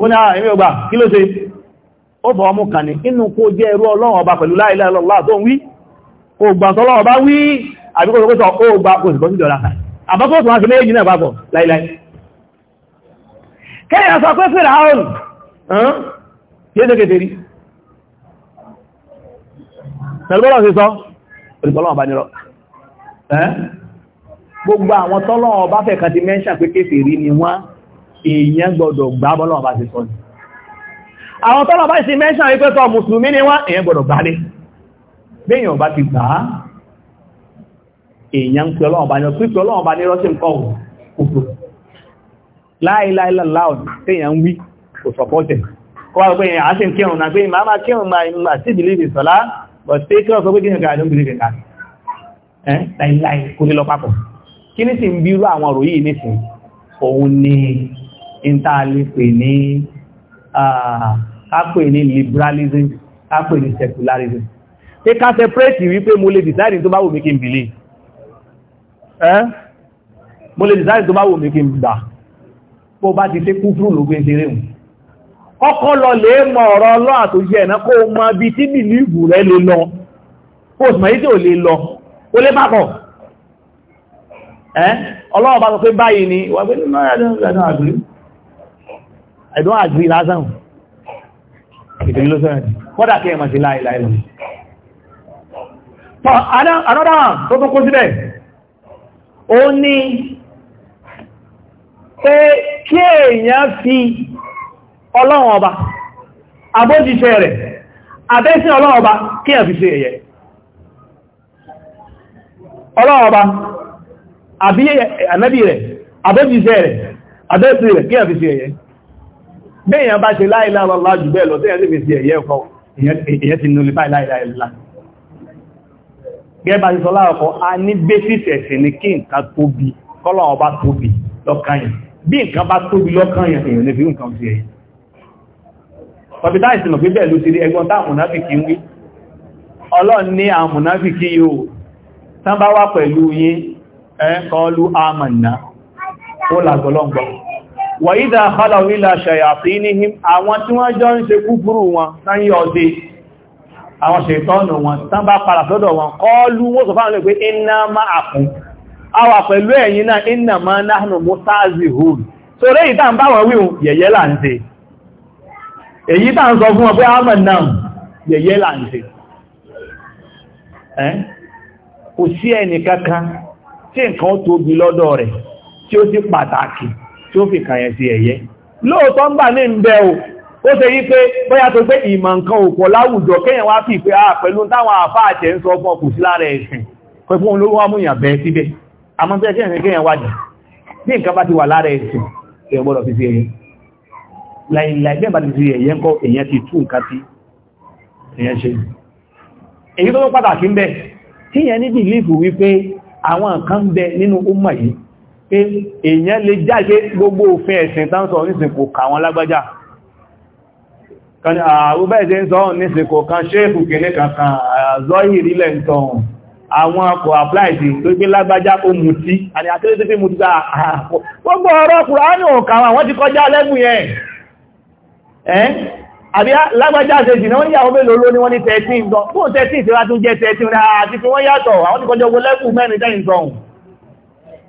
ó ní ààrẹ ah, ìgbà kí ló ṣe ó fọ́ ọmú kàn ní inú kó jẹ́ ẹrú ọlọ́run ọba pẹ̀lú la ilaha illallah tó ń wí kò gbà tọ́lọ́run ọba wí àbíkò tó pẹ́sọ̀ ó gbà kò sì bọ́ sí ìjọ láta àbákò tó wá sí méjì náà papọ̀ láìláì kẹ́yà sọ pé fèrè àrùn yéṣe kètèrí pẹ̀lúbọ́lọ̀ sí sọ olùkọ́lọ́wọ̀n gbogbo àwọn tọ́lọ́wọ̀n bá fẹ́ kan mẹ́ṣà pé kèfèrí ni wọ́n èèyàn gbọdọ̀ gbá bọ́lọ́wọ́ bá ti sọ ní àwọn tọ́lọ̀ bá ti mẹ́ṣàn wípé tọ́ mùsùlùmí ni wọ́n èèyàn gbọdọ̀ gbá ní béèyàn bá ti gbá èèyàn pẹ́ ọlọ́wọ́ bá ní ọ̀pẹ́ ọlọ́wọ́ bá ní rọ́sí nǹkan òkú láìláìláìláì téèyàn wí kò sọpọ́tẹ̀ kọ́ wá pé èèyàn á sì ń kírun náà pé màmá kírun máa ń gbà sí ìdílé ìsọ̀lá bọ̀ sí kí wọ́n sọ pé ń gbèrè kẹ̀kà àwọn ọ̀rọ̀ yìí òun ni ìta lè pè ní kápè liberalism kápè ní secularism pé ká separate wípé mo lè decide tó bá wù mí kí believe ẹ́ mo lè decide tó bá wù mí kí n gbà bó bá ti ṣe kúfúrú ló gbé ṣeré hùn kọ́kọ́ lọ lè mọ ọ̀rọ̀ ọlọ́ àtòjẹ́ ẹ̀nà kó mọ bí tí bìlíìbù rẹ lè lọ kó sì mọ̀ yí tí ò lè lọ ó lé bákọ̀ ẹ́ ọlọ́wọ́ bá sọ pé báyìí ni wà pé ní mọ́rẹ́ I don't agree lásán ìtò ìlú sẹ́rẹ̀ kọ́dà kí ẹmọ̀ sí láìláì So another one tó tó kó síbẹ̀ ó ní pé kí èèyàn fi ọlọ́run ọba abójíṣẹ́ rẹ̀ àbẹ́sìn ọlọ́run ọba kí èèyàn fi ṣe ẹ̀yẹ ọlọ́run ọba àbí ànábì rẹ̀ abójíṣẹ́ rẹ̀ àbẹ́sìn rẹ̀ kí èèyàn fi ṣe ẹ̀yẹ bẹ́yàn bá ṣe láìláàlá jù bẹ́ẹ̀ lọ tí ẹ̀sìn fi sí ẹ̀yẹ́ ọkọ̀ èyẹ́ ti nulẹ̀ báyìí láìláìlá gẹ́bà ti sọ láàkọ́ a ní basis ẹ̀sìn ní kí nǹkan tóbi kọ́lọ̀ ọba tóbi lọ́kànyàn bí nǹkan bá tóbi lọ́kànyàn èèyàn ní fi nǹkan sí ẹ̀yìn pọ̀pítà ìsìnà pé bẹ́ẹ̀ ló ti rí ẹgbọ́n tá àmùnáfìkì ń wí ọlọ́n ní àmùnáfìkì yóò tán bá wà pẹ̀lú yín ẹ́ kọlu àmànà ó làgọ́lọ́gbọ̀n wà ìdá àkọ́lọ̀ ilẹ̀ ṣàyàfí ní him àwọn tí wọ́n jọ ń ṣe kúfúrú wọn láyé ọdí àwọn ṣètọ́nù wọn tán bá padà sọ́dọ̀ wọn kọlu wọ́n sọ fáwọn lè pé iná máa àkún àwà pẹ̀lú ẹ̀yìn náà iná máa náà so rẹ̀ ìta ń bá wọn wíhun yẹ̀yẹ́ láǹtẹ̀ èyí tá ń sọ fún wọn pé àmà náà yẹ̀yẹ́ tí nǹkan tóbi lọ́dọ̀ rẹ̀ tí ó sì pàtàkì tí ó fi kàyẹ̀ sí ẹ̀yẹ lóòótọ́ ń bà ní ìbẹ̀ o ó ṣe yí pé bóyá tó pé ìmọ̀ nǹkan òpọ̀ láwùjọ kéèyàn wá fi pé àà pẹ̀lú táwọn àfá àtẹ́ ń sọ fún ọkù sí lára ẹ̀sìn pẹ̀lú òun ló wá mú ìyàn bẹ́ẹ̀ síbẹ̀ àmọ́ tó ẹ̀kẹ́ kéèyàn wájà bí nǹkan bá ti wà lára ẹ̀sìn èèyàn gbọ́dọ̀ fi sí ẹ̀yẹ láìláì bẹ́ẹ̀ bá ti fi ẹ̀yẹ pé èèyàn lè jáde gbogbo òfin ẹ̀sìn tán sọ nísìn kò kà wọn lágbájá kan ní àwọn ah, bẹ́ẹ̀ ń sọ nísìn kò kan ṣéèkù kìíní kankan ah, zọ́hìrí lẹ́ àwọn akọ̀ àpláìsì tó gbé lágbájá ó mutí àti àtẹ́lẹ́ tí fi mutí ta ah, àkọ́ gbogbo ọ̀rọ̀ Kùránì òkàwà wọ́n ti kọjá lẹ́gbù yẹn ẹ́ àbí lágbájá ṣe jìnà wọ́n yàwó mélòó ló ní wọ́n ní 13 gan fún 13 tí wá tún jẹ́ 13 rẹ̀ àti fi wọ́n yàtọ̀ àwọn ti kọjá ogun lẹ́gbù mẹ́rin tẹ́yìn sọ̀hùn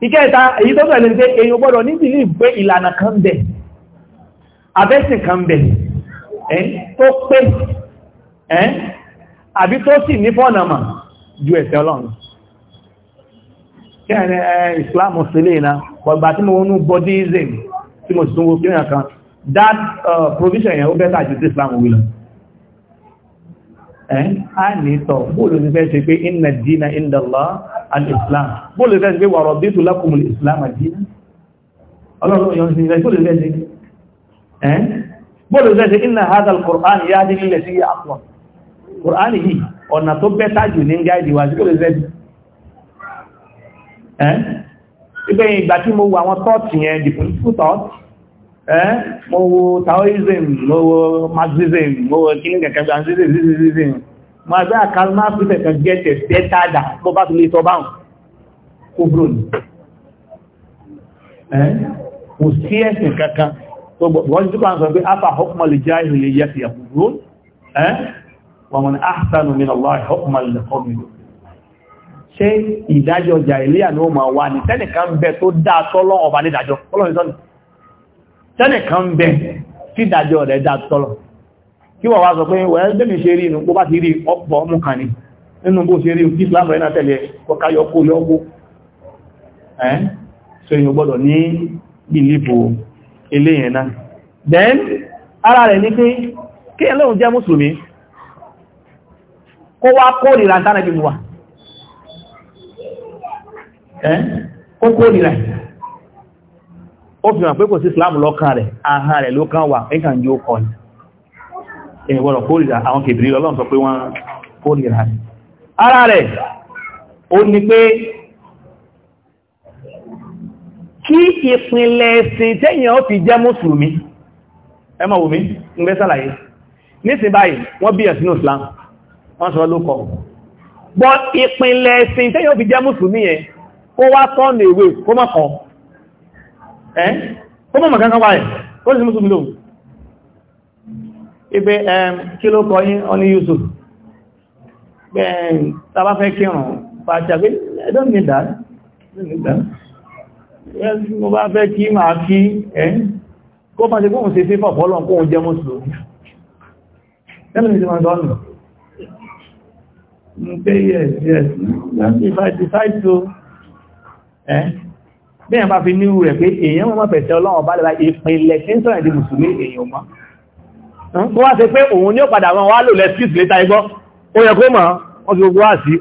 ìkẹta èyí tó bẹ̀rẹ̀ pé èyí gbọ́dọ̀ ní bìlì pé ìlànà kan bẹ̀ abẹ́sìn kan bẹ̀ tó pé àbí tó sì ní fọ́nàmà ju ẹ̀sẹ̀ ọlọ́run kí ẹni Islam sílé a ní tọ̀ bóòlù ti fẹ́ ṣe pé inna dina inda Allah al-islam bóòlù fẹ́ ṣe pé wa raditu lakumul islam àdínà ọlọ́run yọ sí ìrẹ́ bóòlù fẹ́ ṣe bóòlù fẹ́ ṣe inna mo wo taoism mo wo marxism mo wo kíní kẹ̀kẹ́ gbanzism mo àgbẹ́ àkàlmá fífẹ̀ kan gẹ́tẹ̀ tẹ́tàdà tó bá ti lè sọ báhùn kó búrò ní kò sí ẹ̀sìn kankan tó wọ́n tí kàn sọ pé afa hukma lè já ìrìnlẹ̀ yẹ fi àkùrò wọn tẹ́lẹ̀ kan bẹ̀ tí ìdájọ́ rẹ̀ dá tọ́lọ̀ kí wọ́n wá sọ pé wọ́n bẹ́mi ṣe rí inú bó bá ti rí ọ̀pọ̀ ọmọ kan ní nínú bó ṣe rí islam rẹ̀ náà tẹ̀lé kọkayọ kó lọ́gbó then ara rẹ̀ ní pé kí ẹlẹ́hùn jẹ́ mùsùlùmí kó wá kórìíra tánàbí mu wà ó fi hàn pé kò sí islam lọ́kàn rẹ̀ ahán rẹ̀ ló kàn wà ẹ́kàn yóò kọ́ ní ẹ̀wọ̀rọ̀ kórìíra àwọn kèbìrí ọlọ́run sọ pé wọ́n kórìíra rẹ̀ ara rẹ̀ ó ní pé kí ìpínlẹ̀ ẹ̀sìn tẹ́yàn ó fi jẹ́ mùsùlùmí ẹ máa wò mí ń bẹ́ sàlàyé nísìn báyìí wọ́n bí ẹ̀sìn islam wọ́n sọ ló kọ́ bọ́ ìpínlẹ̀ ẹ̀sìn tẹ́yàn ó fi jẹ́ mùsùlùmí yẹn kó wá tọ́nà ìwé kó mọ́kàn ẹ́ kó mọ̀ kankan wáyẹ̀ kó sì mùsùlùmí lòun ipé kí ló kọ yí ọ ní Yusuf bẹ́ẹ̀ tàbá fẹ́ kírùn pàtàkì I don't need that mo bá fẹ́ kí máa kí ẹ́ kó máa ṣe kó òun ṣe fẹ́ fọ́pọ́lọ́ kó òun jẹ́ mùsùlùmí Yes, yes. If I decide to, eh? bẹ́ẹ̀ bá fi nírú rẹ̀ pé èèyàn mọ́ pẹ̀sẹ̀ ọlọ́run bá lẹ́la ìpínlẹ̀ tí ń sọ̀rọ̀ di mùsùlùmí èèyàn mọ́ wọ́n wá sí pé òun ní ọ̀padà wọn wá lò lẹ́sìs létà igbọ́ ó yẹ kó mọ̀ wọ́n fi gbogbo wá sí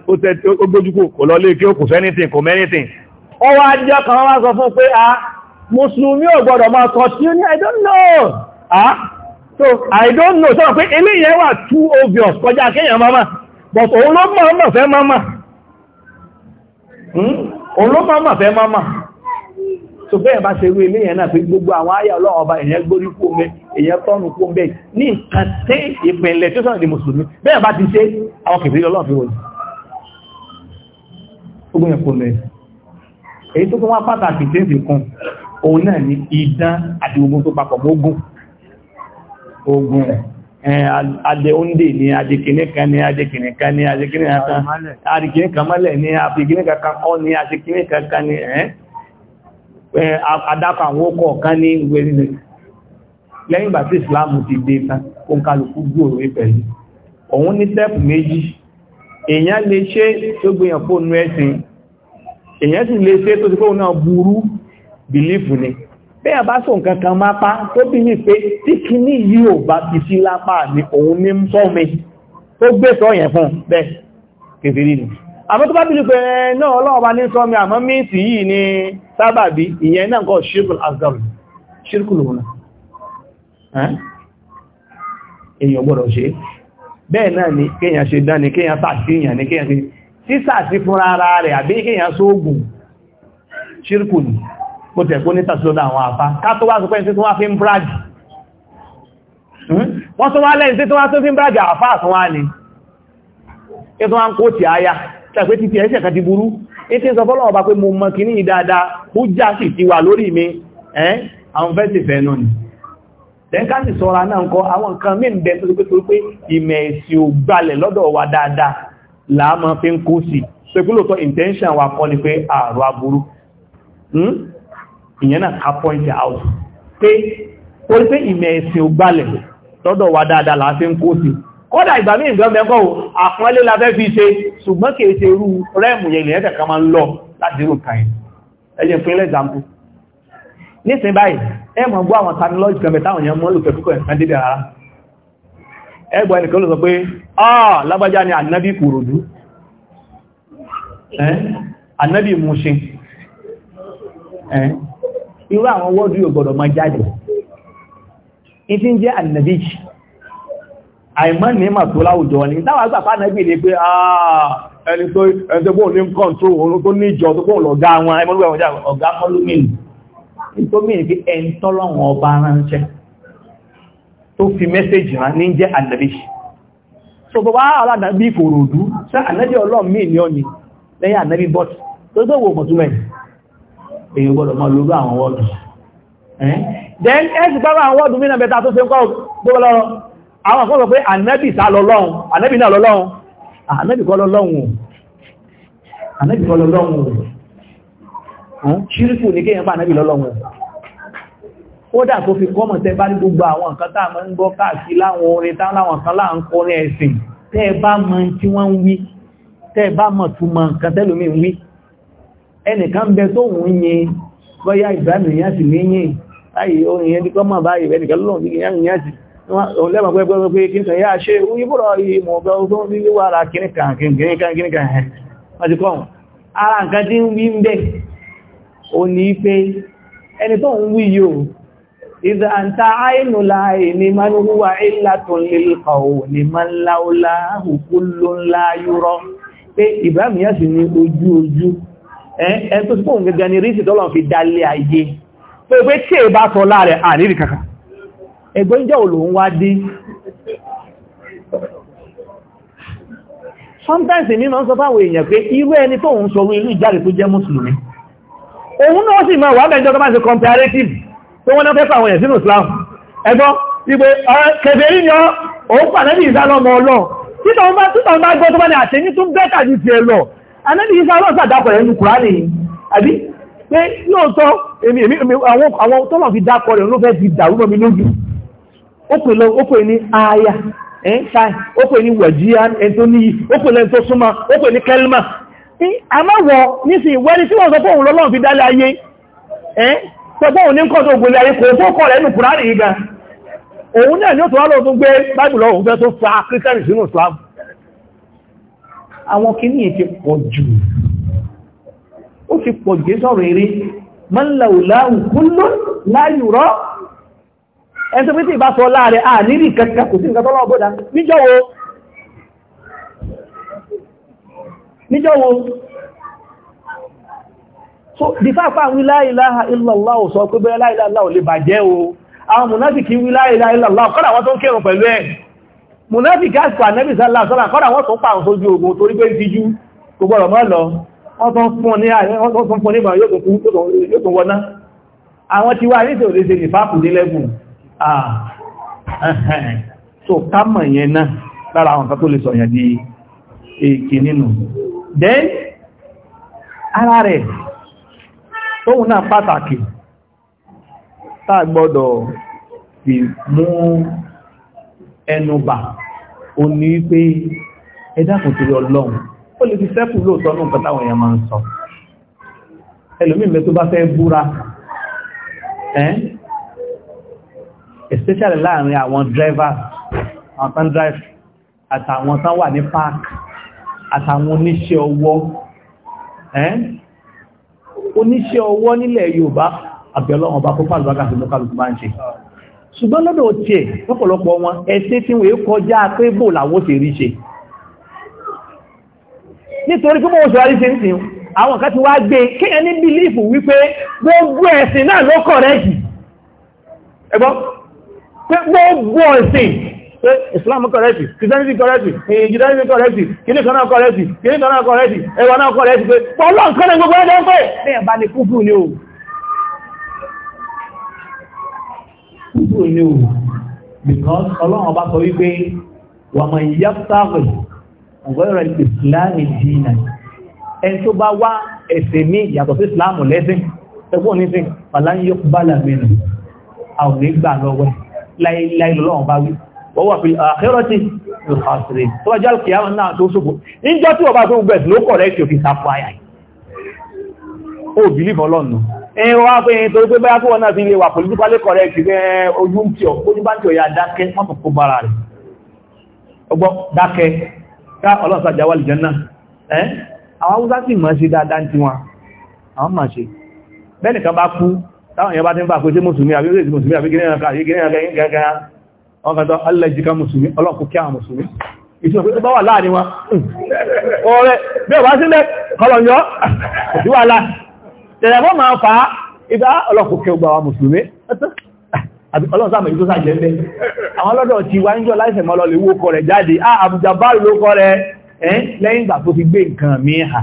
ó gbójúkò kò lọ lé kí ó kò fẹ́nìtìn kò mẹ́nìtìn ó wá jẹ́ kan wá sọ fún pé a ah, mùsùlùmí ò gbọ́dọ̀ máa kọ tí ní i don't know ah so i don't know sọ pé eléyẹn wà too obvious kọjá kéèyàn máma but òun ló mọ̀ mọ̀ fẹ́ máma hmm? òun ló mọ̀ mọ̀ fẹ́ máma so bẹ́ẹ̀ bá ṣe rú ilé yẹn náà fi gbogbo àwọn ayà ọlọ́wọ́ ọba èyàn gbórí kú omi èyàn tọ́nu kú omi ní nǹkan tí ìpínlẹ̀ tó sọ̀rọ̀ di mùsùlùmí bẹ́ẹ̀ bá ti ṣe àwọn kìfìrí ọlọ́wọ́ fi wọ́n ogun ẹ̀kọ́ lẹ̀ èyí tó ni idán àti ogun tó papọ̀ mógún ogun adé ni adékiní kan ní adékiní kan ní adápa àwọn ọkọ̀ kan ní ìwé nílẹ̀ lẹ́yìn ìgbà tí Islam ti dé tán ó ń kálukú gbòòrò pẹ̀lú òun ní tẹ́pù méjì èèyàn lè ṣe tó gbìyàn fóònù ẹ̀sìn èèyàn sì lè ṣe tó ti fóònù náà burú bìlífù ni bí a bá sọ nǹkan kan máa pa tó bí ní pé tí kí ní yìí ò bá ti sí lápá ní òun ní sọ́mi tó gbé sọ yẹn fún bẹ́ẹ̀ kèfèrí ni àmọ́ tó bá bí ní pé náà ọlọ́ọ̀bá ní sọ́mi àmọ́ mí sì yìí ni sábàbí ìyẹn náà kọ́ ṣírkùl asghar ṣírkùl òun èèyàn gbọ́dọ̀ ṣe bẹ́ẹ̀ náà ni kéèyàn ṣe dán ni kéèyàn sàtí èèyàn ni kéèyàn sí sàtí fúnra ara rẹ̀ àbí kéèyàn sóògùn ṣírkùl kò tẹ̀kó ní tàṣílọ́dà àwọn àfá ká tó wá sọ pẹ́ntí hmm? tó ìtí sọ fọ́lọ́wọ́ bá pé mo mọ̀ kì ní ìdáadáa ó já sì ti wà lórí mi ẹ́n àwọn fẹ́sìfẹ́ náà ni tẹ́ká sì sọ́ra náà kọ́ àwọn nǹkan mí bẹ tó pé pé ìmẹ̀ èsì ò gbalẹ̀ lọ́dọ̀ wa dáadáa láàmọ́ fi ń kó sí intention wa kọ́ ni pé ààrùn aburú hmm? ìyẹn out pé torí pé ìmẹ̀ èsì ò gbalẹ̀ lọ́dọ̀ kọ́dà ìgbà mí ìgbà mẹ́kọ́ ò àpọ́nlé la fẹ́ fi ṣe ṣùgbọ́n kìí ṣe irú rẹ́mù yẹ̀lẹ̀ ẹ̀kẹ́ kan máa ń lọ láti irú kan ẹ̀yẹ fún ilẹ̀ example nísìn báyìí ẹ mọ̀ gbọ́ àwọn terminology ah lágbájá ni ànábì kòròdú ànábì mushin irú àwọn wọ́ọ̀dù yóò gbọ́dọ̀ àìmọ́ ní mà tó láwùjọ ah, ní dáwà gbàfà nẹ́bì ní pé ẹni tó ẹgbẹ́ òní kọ́ntró oòrùn tó níjọ tó kó lọ̀gá wọn ẹmọ́lúwẹ̀ ọ̀gá mọ́lúmìn tó mìí pé ẹn tọ́lọ́wọ̀n ọba ránṣẹ́ tó fi mẹ́sẹ̀jì rán ní jẹ́ ànàbí so bọ́bá aládàbí ìfòròdú sẹ́ ànàbí ọlọ́mìn ní ọ̀nì lẹ́yìn ànàbí bọ́t tó gbé wo mọ̀túnmẹ̀ èyí gbọ́dọ̀ mọ́ lórú àwọn wọ́ọ̀dù then ẹ́sì bá àwọn wọ́ọ̀dù mí àwọn kan sọ pé ànẹ́bì sá lọ́lọ́run ànẹ́bì náà lọ́lọ́run ah, ànẹ́bì kọ́ lọ́lọ́run ànẹ́bì kọ́ lọ́lọ́run ṣíríkù ní kéèyàn bá ànẹ́bì lọ́lọ́run kódà tó fi kọ́mọ̀ tẹ́ bá ní gbogbo àwọn nǹkan tá mọ́ ń gbọ́ káàkiri láwọn orin tá láwọn kan láà ń kọrin ẹ̀sìn tẹ́ bá mọ̀ tí wọ́n ń wí tẹ́ bá mọ̀ túmọ̀ nǹkan tẹ́lùmí ń wí ẹnìkan bẹ tó ń yin bọ́yá ìbámi yẹn sì ní yìn báyìí orin yẹn díkọ́ mọ̀ báyìí ẹnìkan lọ́nà lẹ́mọ̀ pẹ́pẹ́pẹ́ kí n tẹ̀ yá ṣe ìbúrọ̀ ìmọ̀ ọ̀gá ọdún ní wà ara kìníkàn kìníkàn kìníkàn ẹ̀ wọ́n ti kọ́ ara nǹkan tí ń wí ń bẹ̀ o ní pé ẹni tó ń wí yóò ìzàntà àìnùlá ìní manúwà ìlàtún lílkọ̀ ní manláúlá hùkúlù ńlá yúrọ pé ìbámiyà sì ní ojú ojú ẹ tó sì pọ̀ gẹ́gẹ́ ni rí sí tọ́lọ̀ fi dálé ayé pé pé tí è bá sọ láàrẹ̀ àníríkàkà ẹgbẹ́ ń jẹ́ olóhun wá dé sometimes èmi máa ń sọ fáwọn èèyàn pé irú ẹni tó ń sọ ìlú ìjáre tó jẹ́ mùsùlùmí òun náà sì máa wà mẹ́jọ tó máa ṣe comparative tó wọ́n náà fẹ́ fàwọn èèyàn sínú Islam ẹgbọ́ ipé kẹfẹ́rí ni òun pàdánì ìsálọ́mọ ọlọ́ títàn bá gbọ́ tó bá ní àṣẹ́yí tún bẹ́tà ju ti ẹ lọ anẹ́bí ìsálọ́ sàdápọ̀ ẹnu Kùránì àbí pé lóòótọ́ àwọn tọ́lọ̀ fi dákọ̀ rẹ̀ ló fẹ́ fi dàrú mọ́ mi lójú ó pè ní aya ẹ́ntàì ó pè ní wàjíyá ẹni tó opele ó pè lẹ́ni a súnmọ́ ó pè ní kẹlmà àmáwọ̀ nísìn ìwẹ́ni tí wọ́n sọ fóòun lọ́lọ́run fi dálé ayé ẹ́ pẹ̀fóòun ní ayé kò tó kọ̀ rẹ̀ nù kùrárì ìgbà òun náà ni ó tó wá lọ́wọ́ tó gbé fa ti ẹni tó pété ìbá sọ láàrẹ à nílì kẹta kò sí nǹkan tó lọ́wọ́ bóda níjọ́wọ́ níjọ́wọ́ so dìfáàpá wí la ilaha illallah ò sọ pé bẹ́ẹ̀ la ilaha illallah ò lè bàjẹ́ o ilaha illallah kọ́dà wọ́n tó ń kẹrùn pẹ̀lú ẹ̀ mùnáfìkì àsìkò ànẹ́bì sálà sọ́là kọ́dà wọ́n tó pàrùn sójú ogun torí pé ti jú gbogbo ọ̀rọ̀ mọ́ lọ wọ́n tó ń fún ní àwọn tí wá ní ìṣòro lè ṣe nìfáàkù Ah. [laughs] so kámọ̀ yẹn náà lára àwọn kan tó lè sọ̀yàn di èkì nínú then ara rẹ̀ tóhun náà pàtàkì táà gbọ́dọ̀ fi mú ẹnubà o ní pé ẹdákùn torí ọlọ́run ó lè fi sẹ́kù lóòtọ́ ní nǹkan táwọn èèyàn máa ń sọ ẹlòmíì mẹ́ tó bá fẹ́ búra ẹ́ especially láàrin àwọn drivers àwọn tán drive àtàwọn tán wà ní park àtàwọn oníṣẹ́ ọwọ́ oníṣẹ́ ọwọ́ nílẹ̀ Yorùbá àbẹ̀lọ́wọ̀n bá kópa àlùbákà sí lókàlùkù bá ń ṣe ṣùgbọ́n lọ́dọ̀ tí ẹ̀ lọ́pọ̀lọpọ̀ wọn ẹ̀ṣẹ́ tí wọ́n kọjá pé bò làwọ́ sì rí ṣe nítorí pé mọ́ ṣọ́rí ṣe ń sìn àwọn kan ti wá gbé kéèyàn ní bílífù wípé gbogbo ẹ̀sìn náà ló kọ̀rẹ́jì ẹgbọ́n pé gbogbo ẹ̀sìn pé Islam kọ̀rẹ́tì Christianity kọ̀rẹ́tì Judaism kọ̀rẹ́tì kìíní kan náà kọ̀rẹ́tì kìíní kan náà kọ̀rẹ́tì ẹwà náà kọ̀rẹ́tì pé pọ̀lọ́ nǹkan ní gbogbo ẹjọ́ pé ní ẹ̀bá ni kúfù ni o kúfù ni o because ọlọ́run ọba sọ wípé wà mọ̀ ìyá sáfẹ̀ ọ̀gọ́rọ̀ Islam dínà ẹni tó bá wá ẹ̀sẹ̀ ní ìyàtọ̀ sí Islam lẹ́sìn ẹgbọ́n nísìn pàlá ń yọ bálà mẹ́rin àwọn ìgbà lọ́wọ́ ẹ̀ láìláì lọ́wọ́n bá wí wọ́n wà fi àkẹ́rọ́tì ìfàṣìrì tó wájá kìíyàmà náà tó ṣòfò níjọ́ tí wọ́n bá tó gbẹ̀ẹ́ ló kọ̀ rẹ̀ kí o fi sapò àyà ó bìlífọ́ lọ́nà ẹ̀yìn wá pé torí pé báyá kó wọ́n náà ti lè wà politically correct rẹ̀ ojú ń pì ọ̀ ó ní bá ń pì ọ̀yà dákẹ́ mọ́tò kó bára rẹ̀ ọgbọ́ dákẹ́ ká ọlọ́sàjà wà lìjẹ́ náà ẹ́ àwọn haúsá sì mọ̀ ṣe dáadáa ti wọn àwọn mọ̀ ṣe bẹ́ẹ̀ nìkan bá táwọn èèyàn bá ti ń bá pé sí mùsùlùmí àbí orí mùsùlùmí àbí gíní ẹ̀ka yìí gíní ẹ̀ka yìí gẹ́gẹ́ wọn kan tó alẹ́jìká mùsùlùmí ọlọ́kù kí àwọn mùsùlùmí ìṣúná pé bá wà láàrin wọn hmm, ọ̀rẹ́ bí ọba sílẹ̀ kọlọ̀nyọ́ ìwàlá tẹ̀lẹ̀fọ́ máa fa ibá ọlọ́kù kí ọgbà wa mùsùlùmí àbí ọlọ́run sáàmì tó sáàjẹ́ ńlẹ̀ àwọn ọlọ́dọ̀ ti wá ń jọ láìsẹ̀ mọ́ lọ́lẹ̀ owó kọ rẹ̀ jáde ah àbújá báyìí ló kọ rẹ̀ lẹ́yìn ìgbà tó fi gbé nǹkan mí hà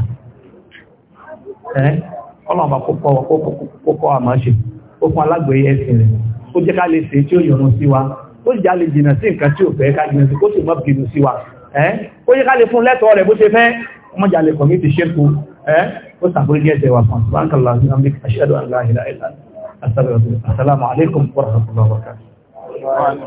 ọlọ́run bá kókó kókó àmáṣe ó fún alágbèé ẹ̀sìn rẹ̀ ó jẹ́ ká lè ṣe tí ó yọrùn sí wa ó jẹ́ lè jìnà sí nǹkan tí ò fẹ́ ká jìnà sí kó sì mọ́ bínú sí wa ó jẹ́ ká lè fún lẹ́tọ̀ọ́ rẹ̀ bó ṣe fẹ́ ọmọjà lè ṣẹ́kù ó sàbórí